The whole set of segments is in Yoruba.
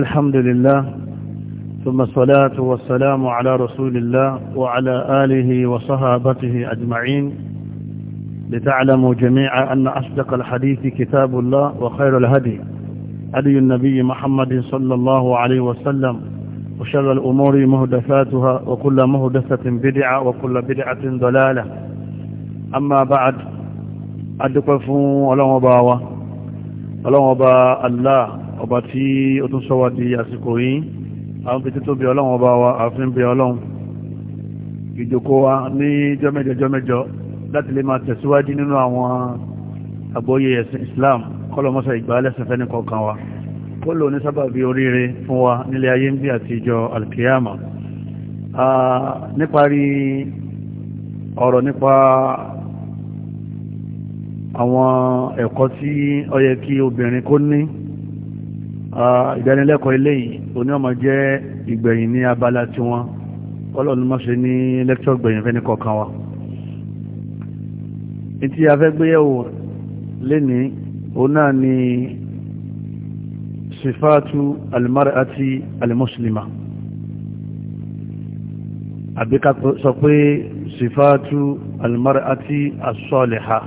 الحمد لله ثم الصلاة والسلام على رسول الله وعلى آله وصحابته أجمعين لتعلموا جميعا أن أصدق الحديث كتاب الله وخير الهدي هدي النبي محمد صلى الله عليه وسلم وشر الأمور مهدثاتها وكل مهدثة بدعة وكل بدعة ضلالة أما بعد أدقفوا ولو باوة ولو با الله ọba tí ó tún sọ wá di àsìkò yìí àwọn fi tító bí ọlọ́run ọba wa àfin bí ọlọ́run ìjòkó wa ní jọ́mẹ́jọ jọ́mẹ́jọ láti lè máa tẹ̀síwájú nínú àwọn àgbóyè ẹ̀sìn Islam kọlọmọsọ ìgbàlẹ́sìn fẹ́ni kọ̀ọ̀kan wa kó lò ní sábàbí oríire fún wa nílé ayé ń bí àti ìjọ alkiyama níparí ọ̀rọ̀ nípa àwọn ẹ̀kọ́ tí ó yẹ kí obìnrin kó ní ìdánilẹ́kọ̀ọ́ eléyìí oní ọmọ jẹ́ ìgbẹ̀yìn ní abala tí wọ́n ọlọ́run má ṣe ní lẹ́kṣọ́ gbẹ̀yìn fẹ́ni kọ̀ọ̀kan wa ìtí afẹ́ gbéyẹ̀wò lénìí òun náà ni sifatu almar'ati almuslima àbí ká sọ pé sifatu almar'ati as-saliha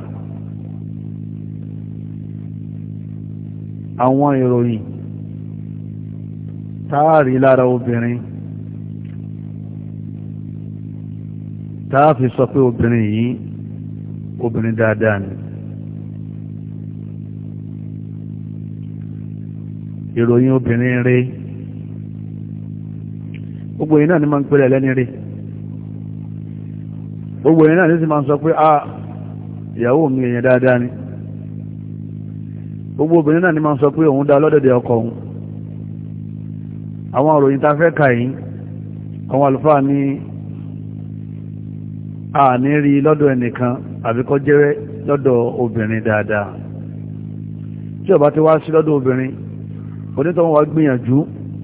àwọn ìròyìn táàrí lára obìnrin táàfi sọ pé obìnrin yìí obìnrin dáadáa ni ìròyìn obìnrin rí gbogbo yìí náà ni máa ń pẹ́lẹ̀ lẹ́ni rí gbogbo yìí náà ni sì máa ń sọ pé a ah, ìyàwó mi èèyàn dáadáa ni gbogbo obìnrin náà ni máa ń sọ pé òun dá lọ́dẹ̀dẹ̀ ọkọ òun àwọn òròyìn ta fẹ́ kà yìí àwọn àlùfáà ní àní rí lọ́dọ̀ ẹnìkan àbíkọ́ jẹ́rẹ́ lọ́dọ̀ obìnrin dáadáa tí ó bá ti wá sí lọ́dọ̀ obìnrin onítọ̀wọ́n wá gbìyànjú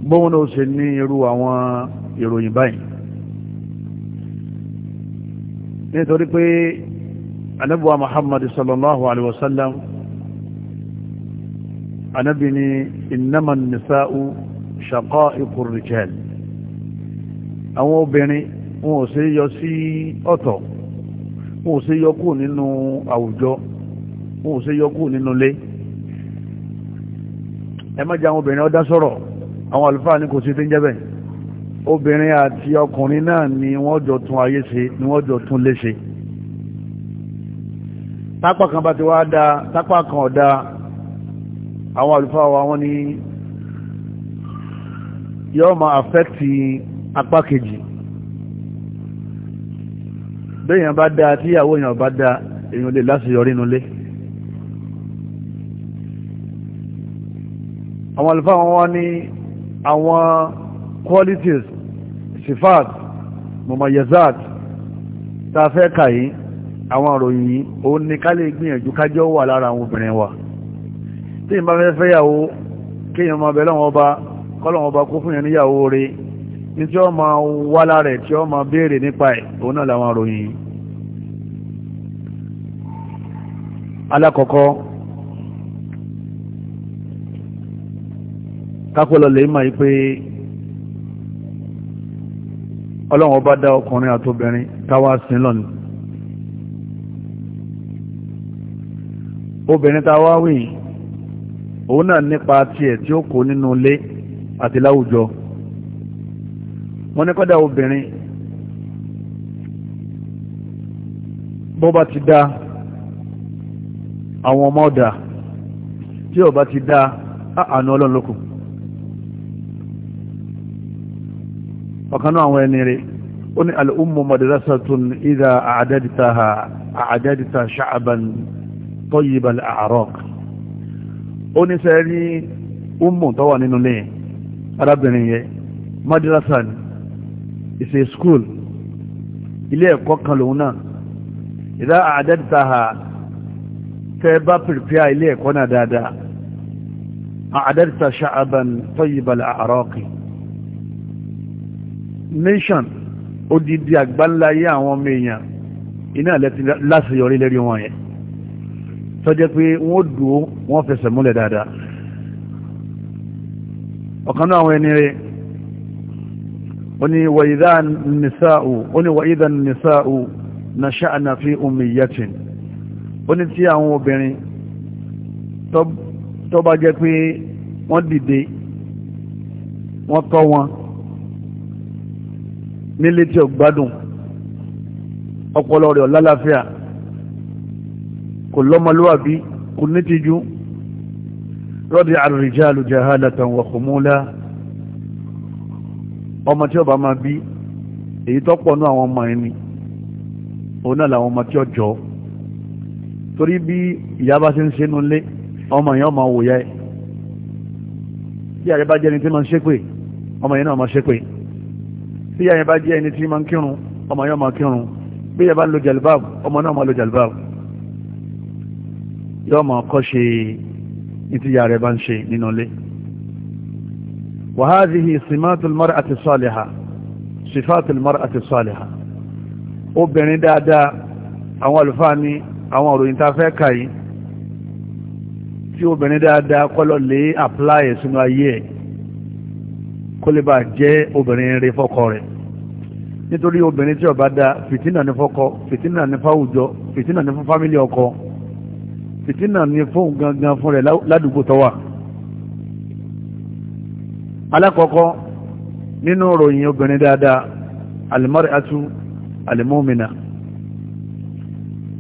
bóhun náà ṣe ní irú àwọn ìròyìn báyìí nítorí pé anábíwá muhammad sallallahu alaihi wasallam anábí ni innaman nisa'u شقائق الرجال àwọn obìnrin wọn ò ṣe yọ sí ọ̀tọ̀ wọn ò ṣe yọ kú nínú àwùjọ wọn ò ṣe yọ kú nínú ilé ẹ má jẹ́ àwọn obìnrin ọdá sọ̀rọ̀ àwọn àlùfáà ní kò sí tí ń jẹ́ bẹ́ẹ̀ obìnrin àti ọkùnrin náà ni wọ́n jọ tún ayé ṣe ni wọ́n jọ tún lé ṣe tápà kan bá ti wá dáa tápà kan ọ̀dá àwọn àlùfáà wa wọ́n ní yóò máa àfẹ́kì apá kejì béèyàn bá dáa tí ìyàwó èèyàn bá dáa èèyàn lè láṣeyọrí nulẹ̀ àwọn àlùfáà wọn wá ní àwọn qualities sifat mumayazat tá a fẹ́ kà yìí àwọn àròyìn yìí òun ni ká lè gbìyànjú kájọ́ wà lára àwọn obìnrin wa tí ìbá fẹ́ fẹ́yàwó kéèyàn máa bẹ̀rẹ̀ wọn bá kọ́lọ̀ ọba kó fún yẹn níyàwó rẹ̀ ní tí ó máa wá lára tí ó máa béèrè nípa ẹ̀ òun náà làwọn ròyìn alákọ̀ọ́kọ́ kápẹ́lọ lè máa yí pé ọlọ́run ọba dá ọkùnrin àtobìnrin táwa sí lọ́nà obìnrin táwa wì òun náà nípa tiẹ̀ tí ó kó nínú ilé àti láwùjọ wọ́n ní kọ́dà obìnrin bọ́ba ti dá àwọn ọmọ ọ̀dà tí ọba ti dá àánú ọlọ́run lókun ọ̀kanú àwọn ẹni rẹ̀ ó ní al'ummu madrasatun idha a'dadtaha a'dadta sha'ban tayyibal ó ní sẹ́rí ummu tó nínú lẹ́yìn arábìnrin yẹn madrasa ni it's a school ilé ẹ̀kọ́ kan lòun náà ìdá àádẹ́dìtaha tẹ́ bá pìrìpìá ilé ẹ̀kọ́ náà dáadáa àádẹ́dìta ṣáàbàn tọ́yìbàlà àrọ́kì nation odidi àgbáńláyé àwọn ọmọ èèyàn iná lẹ́tí láṣeyọrí lérí wọn yẹn tọ́jẹ́ pé wọ́n dùn wọ́n fẹsẹ̀ múlẹ̀ dáadáa ọ̀kan náà àwọn ẹni rẹ̀ ó ní wàídà nìsáàù na ṣáàna fi ummiyatin ó ní tí àwọn obìnrin tó bá jẹ́ pé wọ́n dìde wọ́n tọ́ wọn nílé tí ó gbádùn ọpọlọ rẹ̀ ọ̀lálàáfíà kò lọ́mọlúwàbí kò nítìjú rọ́dí ar-rijalu jahalatan wa khumula ọmọ tí ó bá máa bí èyí tó pọ̀ ní àwọn ọmọ ẹni òun náà làwọn ọmọ tí ó jọ torí bí ìyá bá ti ń ṣe nulẹ̀ ọmọ yẹn ọmọ wòyá ẹ bí àyẹ bá jẹ́ ẹni tí máa ń ṣépè ọmọ yẹn náà máa ṣépè bí àyẹ bá jẹ́ ẹni tí máa ń kírun ọmọ yẹn máa kírun bí àyẹ bá ń lo jalbab ọmọ náà máa lo jalbab yóò máa kọ́ ṣe ìtìyà rẹ̀ bá ń ṣe nínú ilé wàhádìí simatul mar'ati salihah sifatul mar'ati salihah obìnrin dáadáa àwọn àlùfáà ní àwọn òròyìn tá fẹ́ kà yìí tí obìnrin dáadáa kọ́lọ̀ lè àpláyẹ̀ sínú ayé ẹ̀ kó lè bá jẹ́ obìnrin rẹ̀ fọ́kọ rẹ̀ nítorí obìnrin tí ó dá fìtínà ní fọ́kọ fìtínà ní fáwùjọ fìtínà ní fún fámílì ọkọ fìtínà ni fóun gangan fún rẹ̀ ládùúgbò tọ́wà alákọ̀ọ́kọ́ nínú ròyìn obìnrin dáadáa alimariatu alimomina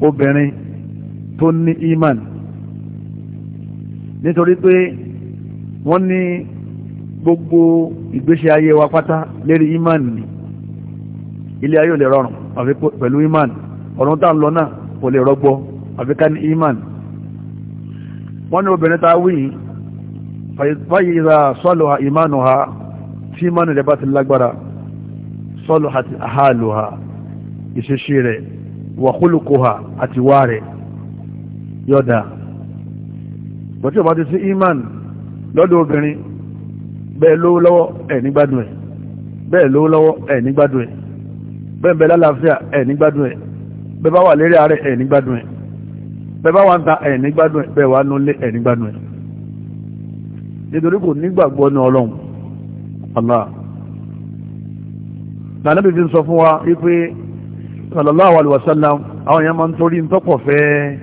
obìnrin tó ní iman nítorí pé wọ́n ní gbogbo ìgbésí ayé wa pátá lérí iman ni ilé ayé ò lè rọrùn àfi pẹ̀lú iman ọ̀run tá ń lọ náà kò lè rọgbọ àfi ní iman wọ́n ní obìnrin ta wí fàyè ìzà sọ́lù ìmánu ha tí ìmánu rẹ̀ bá ti lágbára sọ́lù àti àhálù ha ìṣeṣe rẹ̀ wàhúlùkù ha àti wá rẹ̀ yọ̀dà bọ́tí ọba ti sí iman lọ́dọ̀ obìnrin bẹ́ẹ̀ lówó ẹ̀ nígbádùn ẹ̀ bẹ́ẹ̀ lówó ẹ̀ nígbádùn ẹ̀ bẹ́ẹ̀ bẹ́ẹ̀ lálàáfíà ẹ̀ nígbádùn ẹ̀ bẹ́ẹ̀ bá wà lérí ààrẹ ẹ̀ nígbádùn ẹ̀ bẹ̀bá wa ń ta ẹ̀ní gbádùn ẹ̀ bẹ́ẹ̀ wá nulẹ̀ ẹ̀ní gbádùn ẹ̀ nítorí kò nígbàgbọ́ ní ọlọ́run Allah nànàbí fi ń sọ fún wa wípé sallallahu alaihi wasallam àwọn èèyàn máa ń torí ń tọ́pọ̀ fẹ́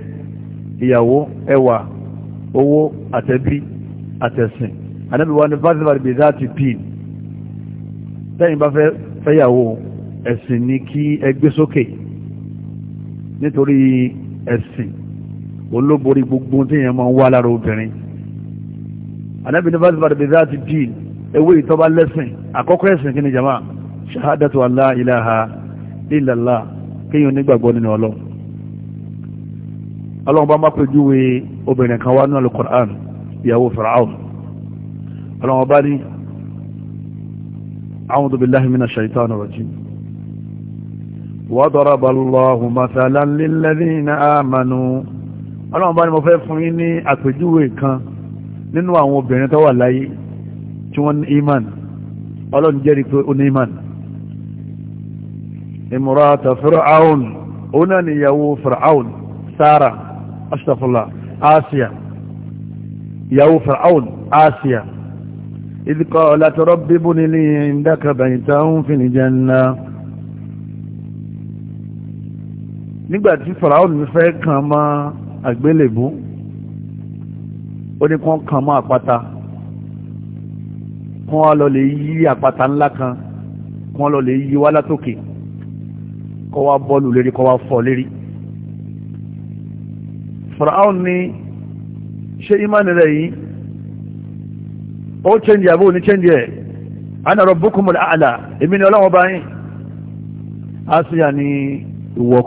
ìyàwó ẹwà owó àtẹ̀bí àtẹ̀sìn ànábì wa ní fásitì bèèrè láti pì tẹ́yìn bá fẹ́yàwó ẹ̀sìn ni kí ẹ gbé sókè nítorí ẹ̀sìn olóborí gbogbo tí èèyàn máa ń wá lára obìnrin anábì ní fásitì bàdàbí záà ti dì ewé ìtọ́ba lẹ́sìn àkọ́kọ́ ẹ̀sìn kí ni jama ṣahadatu allah ilaha illallah kéèyàn nígbàgbọ́ nínú ọlọ́ ọlọ́run bá má pèjúwe obìnrin kan wá nínú alukur'an ìyàwó fìràáùn ọlọ́run bá ní a'udhu billahi minash shaitani rajim وضرب الله مثلا للذين آمنوا ọlọ́run bá ní mo fẹ́ fún yín ní àpèjúwe kan nínú àwọn obìnrin tó wà láyé tí wọ́n ní iman ọlọ́run jẹ́rìí pé ó ní iman imrata fir'aun òun náà níyàwó fir'aun sara astagfirullah asia ìyàwó fir'aun asia idh qalat rabbi buni li indaka baytan fil janna nígbàtí fir'aun fẹ́ kàn máa àgbélébú ó ní kán kan mọ́ àpáta kán wá lọ lè yí àpáta ńlá kan kán lọ lè yí wá látòkè kọ́ wá bọ́ọ̀lù lérí kọ́ wá fọ́ lérí Fáráò ní ṣé ìmánì rẹ̀ yìí ó chẹ́ndì àbúrò ní chẹ́ndì ẹ̀ ana rabbukumul a'la èmi ni ọlọ́wọ́ báyìí á sì yà ní ìwọ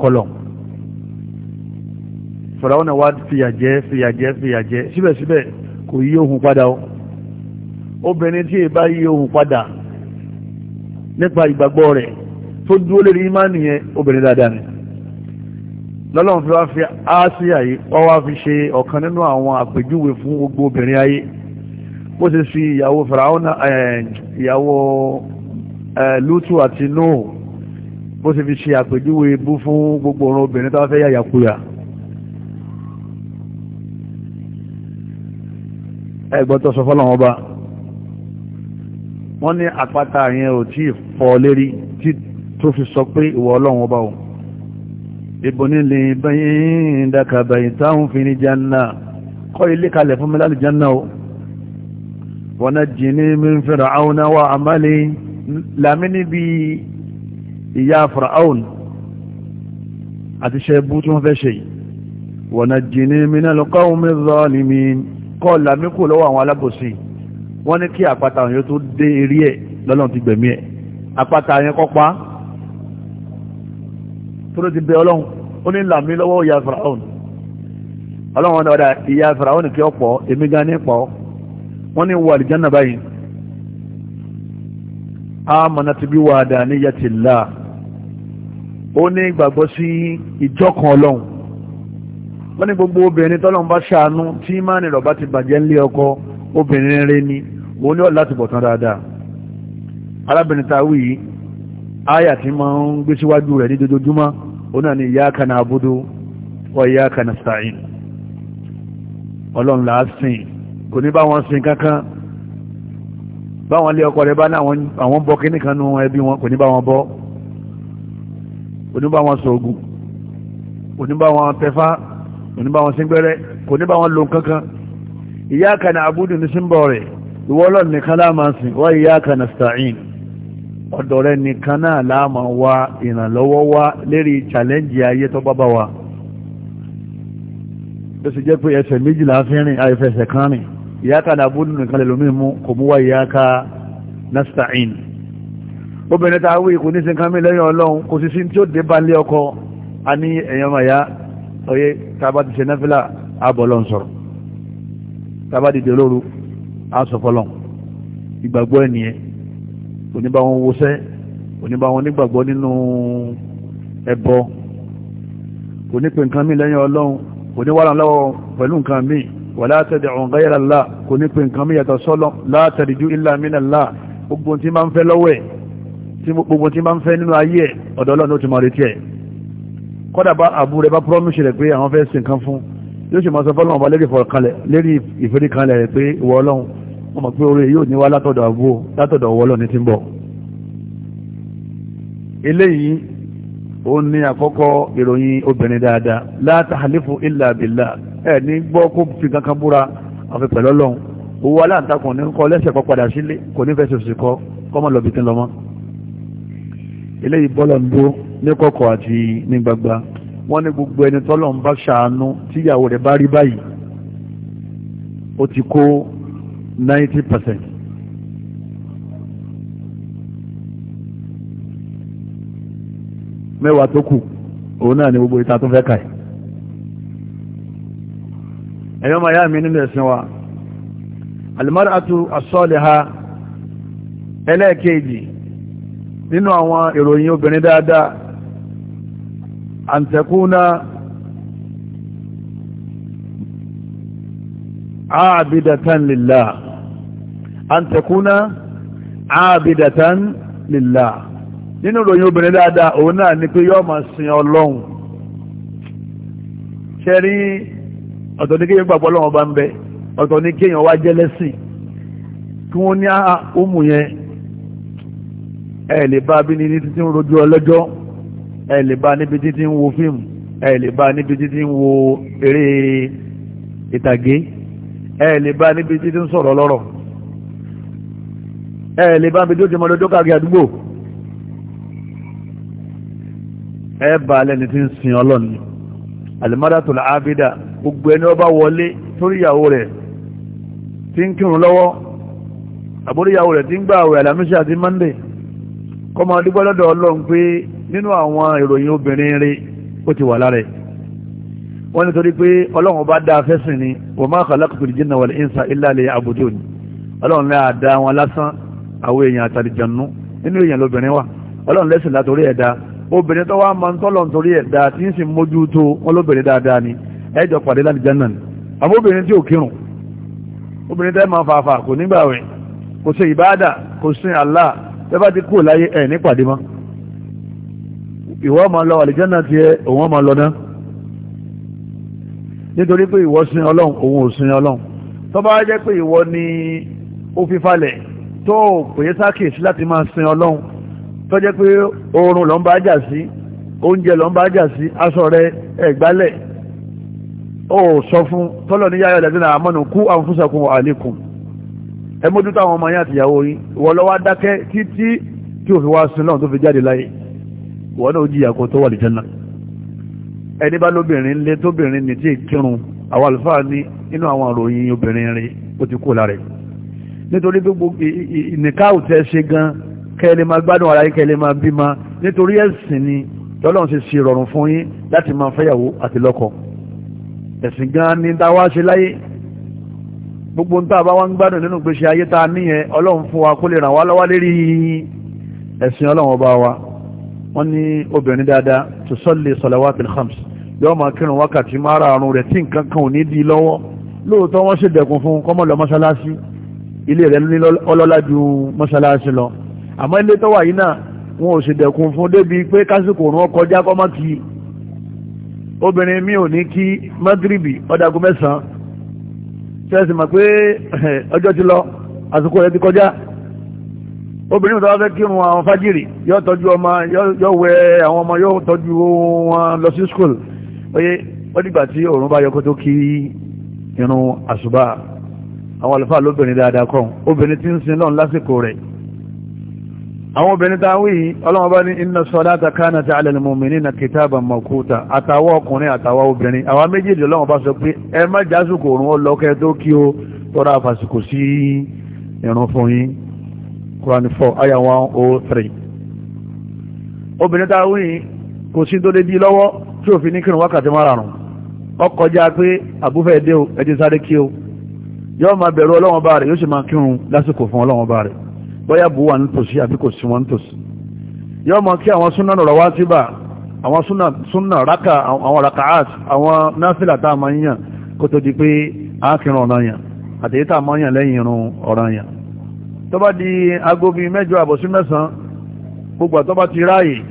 fìràwọ́n náà wá fìyàjẹ́ fìyàjẹ́ fìyàjẹ́ síbẹ̀síbẹ̀ kò yí ohun padà o obìnrin tí èbá yí ohun padà nípa ìgbàgbọ́ rẹ̀ tó dúró lérí ìmánì yẹn obìnrin dáadáa ni lọ́lọ́run fi wá fi áásíà yìí wọ́n wá fi ṣe ọ̀kan nínú àwọn àpèjúwe fún gbogbo obìnrin ayé bó ṣe fi ìyàwó fìràwọ́nà ìyàwó lútù àti nóò bó ṣe fi ṣe àpèjúwe bú fún gbogbo ọ̀rọ̀ obìnrin tó fẹ́ yàyàkuyà ẹgbọ́n tó sọ fọ́lọ́wọ́n ọba wọ́n ní àpáta yẹn ò tí ì fọ́ lérí tí tó fi sọ pé ìwọ ọlọ́wọ́n ọba o ìbò nílé bẹ́yìn dákàbẹ̀yìn táwọn fi ní janna kọ́ ilé kalẹ̀ fún mi láti o wọ́n náà jì ní min Fir'auna wa amali lámí níbi ìyá Fir'aun àti ṣẹ́bú tí wọ́n fẹ́ ṣe wọ́n náà jì ní min al kọ́ làmíkù lọ́wọ́ àwọn alábòsí wọ́n ní kí àpáta òyìn tó dé eré ẹ̀ lọ́lọ́run ti gbẹ̀mí ẹ̀ àpáta yẹn kọ́ pa tó ló ti bẹ ọlọ́run ó ní làmí lọ́wọ́ ìyá faraon ọlọ́run ọ̀dà ìyá faraon kí ọ̀pọ̀ èmi gan ní pọ̀ wọ́n ní wà àlìjánà báyìí amọ̀nà ti bí wà dàníyàtìlá ó ní ìgbàgbọ́ sí ìjọ́kan ọlọ́run wọ́n ní gbogbo obìnrin tọ́lọ́n bá ṣàánú tí ìmánì rẹ̀ bá ti bàjẹ́ ńlé ọkọ obìnrin rẹ̀ ni òun ní ọ̀la ti bọ̀ tán dáadáa arábìnrin tàwí yìí áyà tí máa ń gbé síwájú rẹ̀ ní dojoojúmọ́ òun náà ni iyyaka na'budu wa iyyaka nasta'in ọlọ́run làá sìn kò ní bá sin sìn kankan báwọn lé ọkọ rẹ̀ bá láwọn àwọn bọ́ kíní kan nú ẹbí wọn kò ní bá wọn bọ́ kò ní bá tẹfá kò ní bá wọn sí gbẹ́rẹ́ kò ní bá wọn lo kankan ìyá kan ní abúdù ní sínbọ̀ rẹ̀ ìwọ́lọ̀ nìkan láàmà sìn wá ìyá kan ní sta'in ọ̀dọ̀ rẹ̀ nìkan náà láàmà wá ìrànlọ́wọ́ wá lérí challenge ayé tó bá bá wa ó sì jẹ́ pé ẹsẹ̀ méjìlá fi rìn àìfẹsẹ̀ kan rìn ìyá kan ní abúdù nìkan lè lómi mú kò mú wá ìyá kan sta'in obìnrin tá wí kò ní sin kan mi lẹ́yìn ọlọ́run kò sì sí tí ó dé bá lé ọkọ a ní ẹ̀yàn màyá oyé tába ti ṣe náfílà àbọ̀lọ́ ń sọ̀rọ̀ tába dìde lóru àsọ̀fọ́lọ́ ìgbàgbọ́ ẹnìyẹn oníbà wọn wọṣẹ́ oníbà wọn nígbàgbọ́ nínú ẹbọ kò ní pè nǹkan mí lẹ́yìn ọlọ́run kò ní wàrà lọ́wọ́ pẹ̀lú nǹkan mí wàlá tad'u ghayra Allah kò ní pè nǹkan mí yàtọ̀ sọ́lọ́ la tarju illa min Allah gbogbo tí máa ń fẹ́ lọ́wọ́ ẹ̀ tí gbogbo tí máa ń fẹ́ nínú ayé ẹ̀ ọ̀dọ̀ ti mọ̀ retí ẹ̀ kọ́dà bá àbú rẹ̀ bá promise rẹ̀ pé àwọn fẹ́ sin kan fún yóò ṣe máa sọ fọ́lọ́wọ́n bá lérí ìfọ̀kànlẹ̀ lérí ìfẹ́rí kanlẹ̀ rẹ̀ pé ìwọ ọlọ́run wọ́n mọ̀ pé orí yóò ní wá látọ̀dọ̀ àbú látọ̀dọ̀ ọwọ́ ọlọ́run ti ń bọ̀ eléyìí ó ní àkọ́kọ́ ìròyìn obìnrin dáadáa la tahlifu illa billah ẹ̀ ní gbọ́ kó fi kankan búra àfi pẹ̀lú ọlọ́run owó aláǹtakùn ní kọ́ lẹ́sẹ̀ kọ́ padà sílé kò ní fẹ́ sòsì kọ́ kọ́mọ lọ́bìtín lọ́mọ́ eléyìí bọ́lọ̀ ń dó ní kọ̀kọ̀ àti ní gbangba wọ́n ní gbogbo ẹni tọ́lọ̀ ń bá ṣàánú tíyàwó rẹ̀ bá rí báyìí ó ti kó 90 percent mẹ́wàá tó kù òun náà ni gbogbo ìta tó fẹ́ kàí ẹ̀yọ́ máa yá mi nínú ẹ̀sìn wa almar'atu as-salihah ẹlẹ́ẹ̀kejì nínú àwọn ìròyìn obìnrin dáadáa àǹtẹ̀kúnná ààbìdàtàn lillah àǹtẹ̀kúnná ààbìdàtàn lillah nínú ìròyìn obìnrin dáadáa òun náà ni pé yọ́ máa sin ọlọ́run ṣe rí ọ̀tọ̀ ní kéyàn gbàgbọ́ ọlọ́run bá ń bẹ ọ̀tọ̀ ní kéyàn wá jẹ́lẹ́sìn kí wọ́n ní àhà ah, ó mú yẹn ẹ lè bá bí ní títí ń rojú ọlọ́jọ́ ẹ lè bá níbi títí ń wo fíìmù ẹ lè bá níbi títí ń wo eré ìtàgé ẹ lè bá níbi títí ń sọ̀rọ̀ lọ́rọ̀ ẹ lè bá níbi tó ti mọ lọ́jọ́ káàkiri àdúgbò ẹ bá lẹ́ni tí ń sin ọlọ́ni alimadatul abida gbogbo ẹni ọba wọlé torí ìyàwó rẹ̀ tí ń kírun lọ́wọ́ àbúrò ìyàwó rẹ̀ tí ń gbà àwẹ̀ alamisa àti mande kọmọ dúpẹ́ lọ́dọ̀ ọlọ́run pé nínú àwọn ìròyìn obìnrin rí ó ti wà lára wọ́n ní torí pé ọlọ́run bá dá afẹ́sìn ni wa ma khalaqtul jinna wal insa illa liya'budun ọlọ́run náà dá wọn lásán àwọn èèyàn àtàlìjànú nínú èèyàn lóbìnrin wà ọlọ́run lẹ́sìn látorí ẹ̀dá obìnrin tó ni ẹjọ́ pàdé lálìjánà ni àmọ́ obìnrin tí ò kírun obìnrin tẹ́ máa fàáfà kò nígbàwẹ̀ kò ṣe ìbáàdà kò Allah bẹ́ẹ̀ bá ti kú láyé ẹ̀ nípàdé mọ́ ìwọ máa lọ àlìjánà ti ẹ òun máa lọ náà nítorí pé ìwọ sin ọlọ́run òun ò sin ọlọ́run tó bá jẹ́ pé ìwọ ni ó fi falẹ̀ tó pèyẹ sákèsí láti máa sin ọlọ́run tó jẹ́ pé oorun ló ń bá jà sí oúnjẹ ló ń bá jà sí aṣọ rẹ ẹ̀gbálẹ̀ ó sọ fún tọ́lọ̀ níyàrá ìlàdínà àmọ́nù kú anfusakum wa alikum ẹ mójútó àwọn ọmọ yẹn àtìyàwó yín ìwọ ló wá dákẹ́ títí tí òfin wá sin lọ́run tó fi jáde láyé ìwọ náà ó jìyà kó tó wà lìjẹ́nà ẹni bá lóbìnrin lé tóbìnrin ní tí ì kírun àwọn àlùfáà ní inú àwọn àròyìn obìnrin rẹ̀ ó ti kó lára nítorí gbogbo ìnìkáwù tẹ́ ṣe gan kẹ́lẹ́ máa gbádùn ara yín kẹ́lẹ́ máa bímọ nítorí ẹ̀sìn ni tọ́lọ́run ṣe ṣe rọrùn fún yín láti máa fẹ́yàwó àti lọ́kọ ẹ̀sìn gan ni dáwà ṣe láyé gbogbo ń tàbá wá ń gbádùn nínú gbèsè ayé tá a níyẹn ọlọ́run fún wa kó lè ràn wá lọ́wọ́ lérí ẹ̀sìn ọlọ́run ọba wa wọ́n ní obìnrin dáadáa tó sọ́lé salawatil khams yóò máa kírun wákàtí márààrún rẹ̀ tí nǹkan kan ò ní di lọ́wọ́ lóòótọ́ wọ́n sì dẹ̀kun fún kọ́mọ lọ mọ́ṣáláṣí ilé rẹ̀ ní ọlọ́lá ju mọ́ṣáláṣí lọ àmọ́ ilé tó wà yìí náà wọn ò sì dẹ̀kun fún débi pé kásìkò òun ọkọjá kọ́mọ́ kí obìnrin mi ò ní kí mọ́gírìbì ọ̀dàgùn mẹ́sàn-án tẹ́sí mọ̀ pé ọjọ́ ti lọ àsìkò rẹ̀ ti kọjá obìnrin tó wá fẹ́ kírun àwọn fájìrì yóò tọ́jú ọmọ yóò wẹ àwọn ọmọ yóò tọ́jú wọn lọ sí school oye wọ́n dìgbà tí òòrùn bá yọ kó tó kí irun àṣùbà àwọn àlùfáà lóbìnrin dáadáa kọ́ obìnrin ti ń sin lọ́n lásìkò rẹ̀ àwọn obìnrin ta wí ọlọ́wọ́n bá ní inna salata kanat ala al-mu'minina kitaban mawquta àtàwọ́ ọkùnrin àtàwọ́ obìnrin àwọn méjèèjì ọlọ́wọ́n bá sọ pé ẹ má jásùkò òrùn ọlọ́kẹ́ tó kí o tọ́ra àfàsìkò sí ìrun fún yín Quran 4 aya 103 obìnrin ta wí kò sí tó débi lọ́wọ́ tí òfin ní kírun wákàtí márùn-ún ó kọjá pé àbúfẹ́ dé o ẹ bóyá bó wà nítòsí àbí kò sí wọn nítòsí yóò mọ kí àwọn súnà nọ̀rọ̀ wá síbà àwọn súnà rákà àwọn rakaat àwọn náfìlà tá a máa ń yàn kó tó di pé àákìrún ọ̀nà yàn àtẹ̀yẹ́ tá a máa ń yàn lẹ́yìn irun ọ̀ràn yàn tó bá di aago bíi mẹ́jọ àbọ̀sí mẹ́sàn-án gbogbo àtọ́ bá ti ráàyè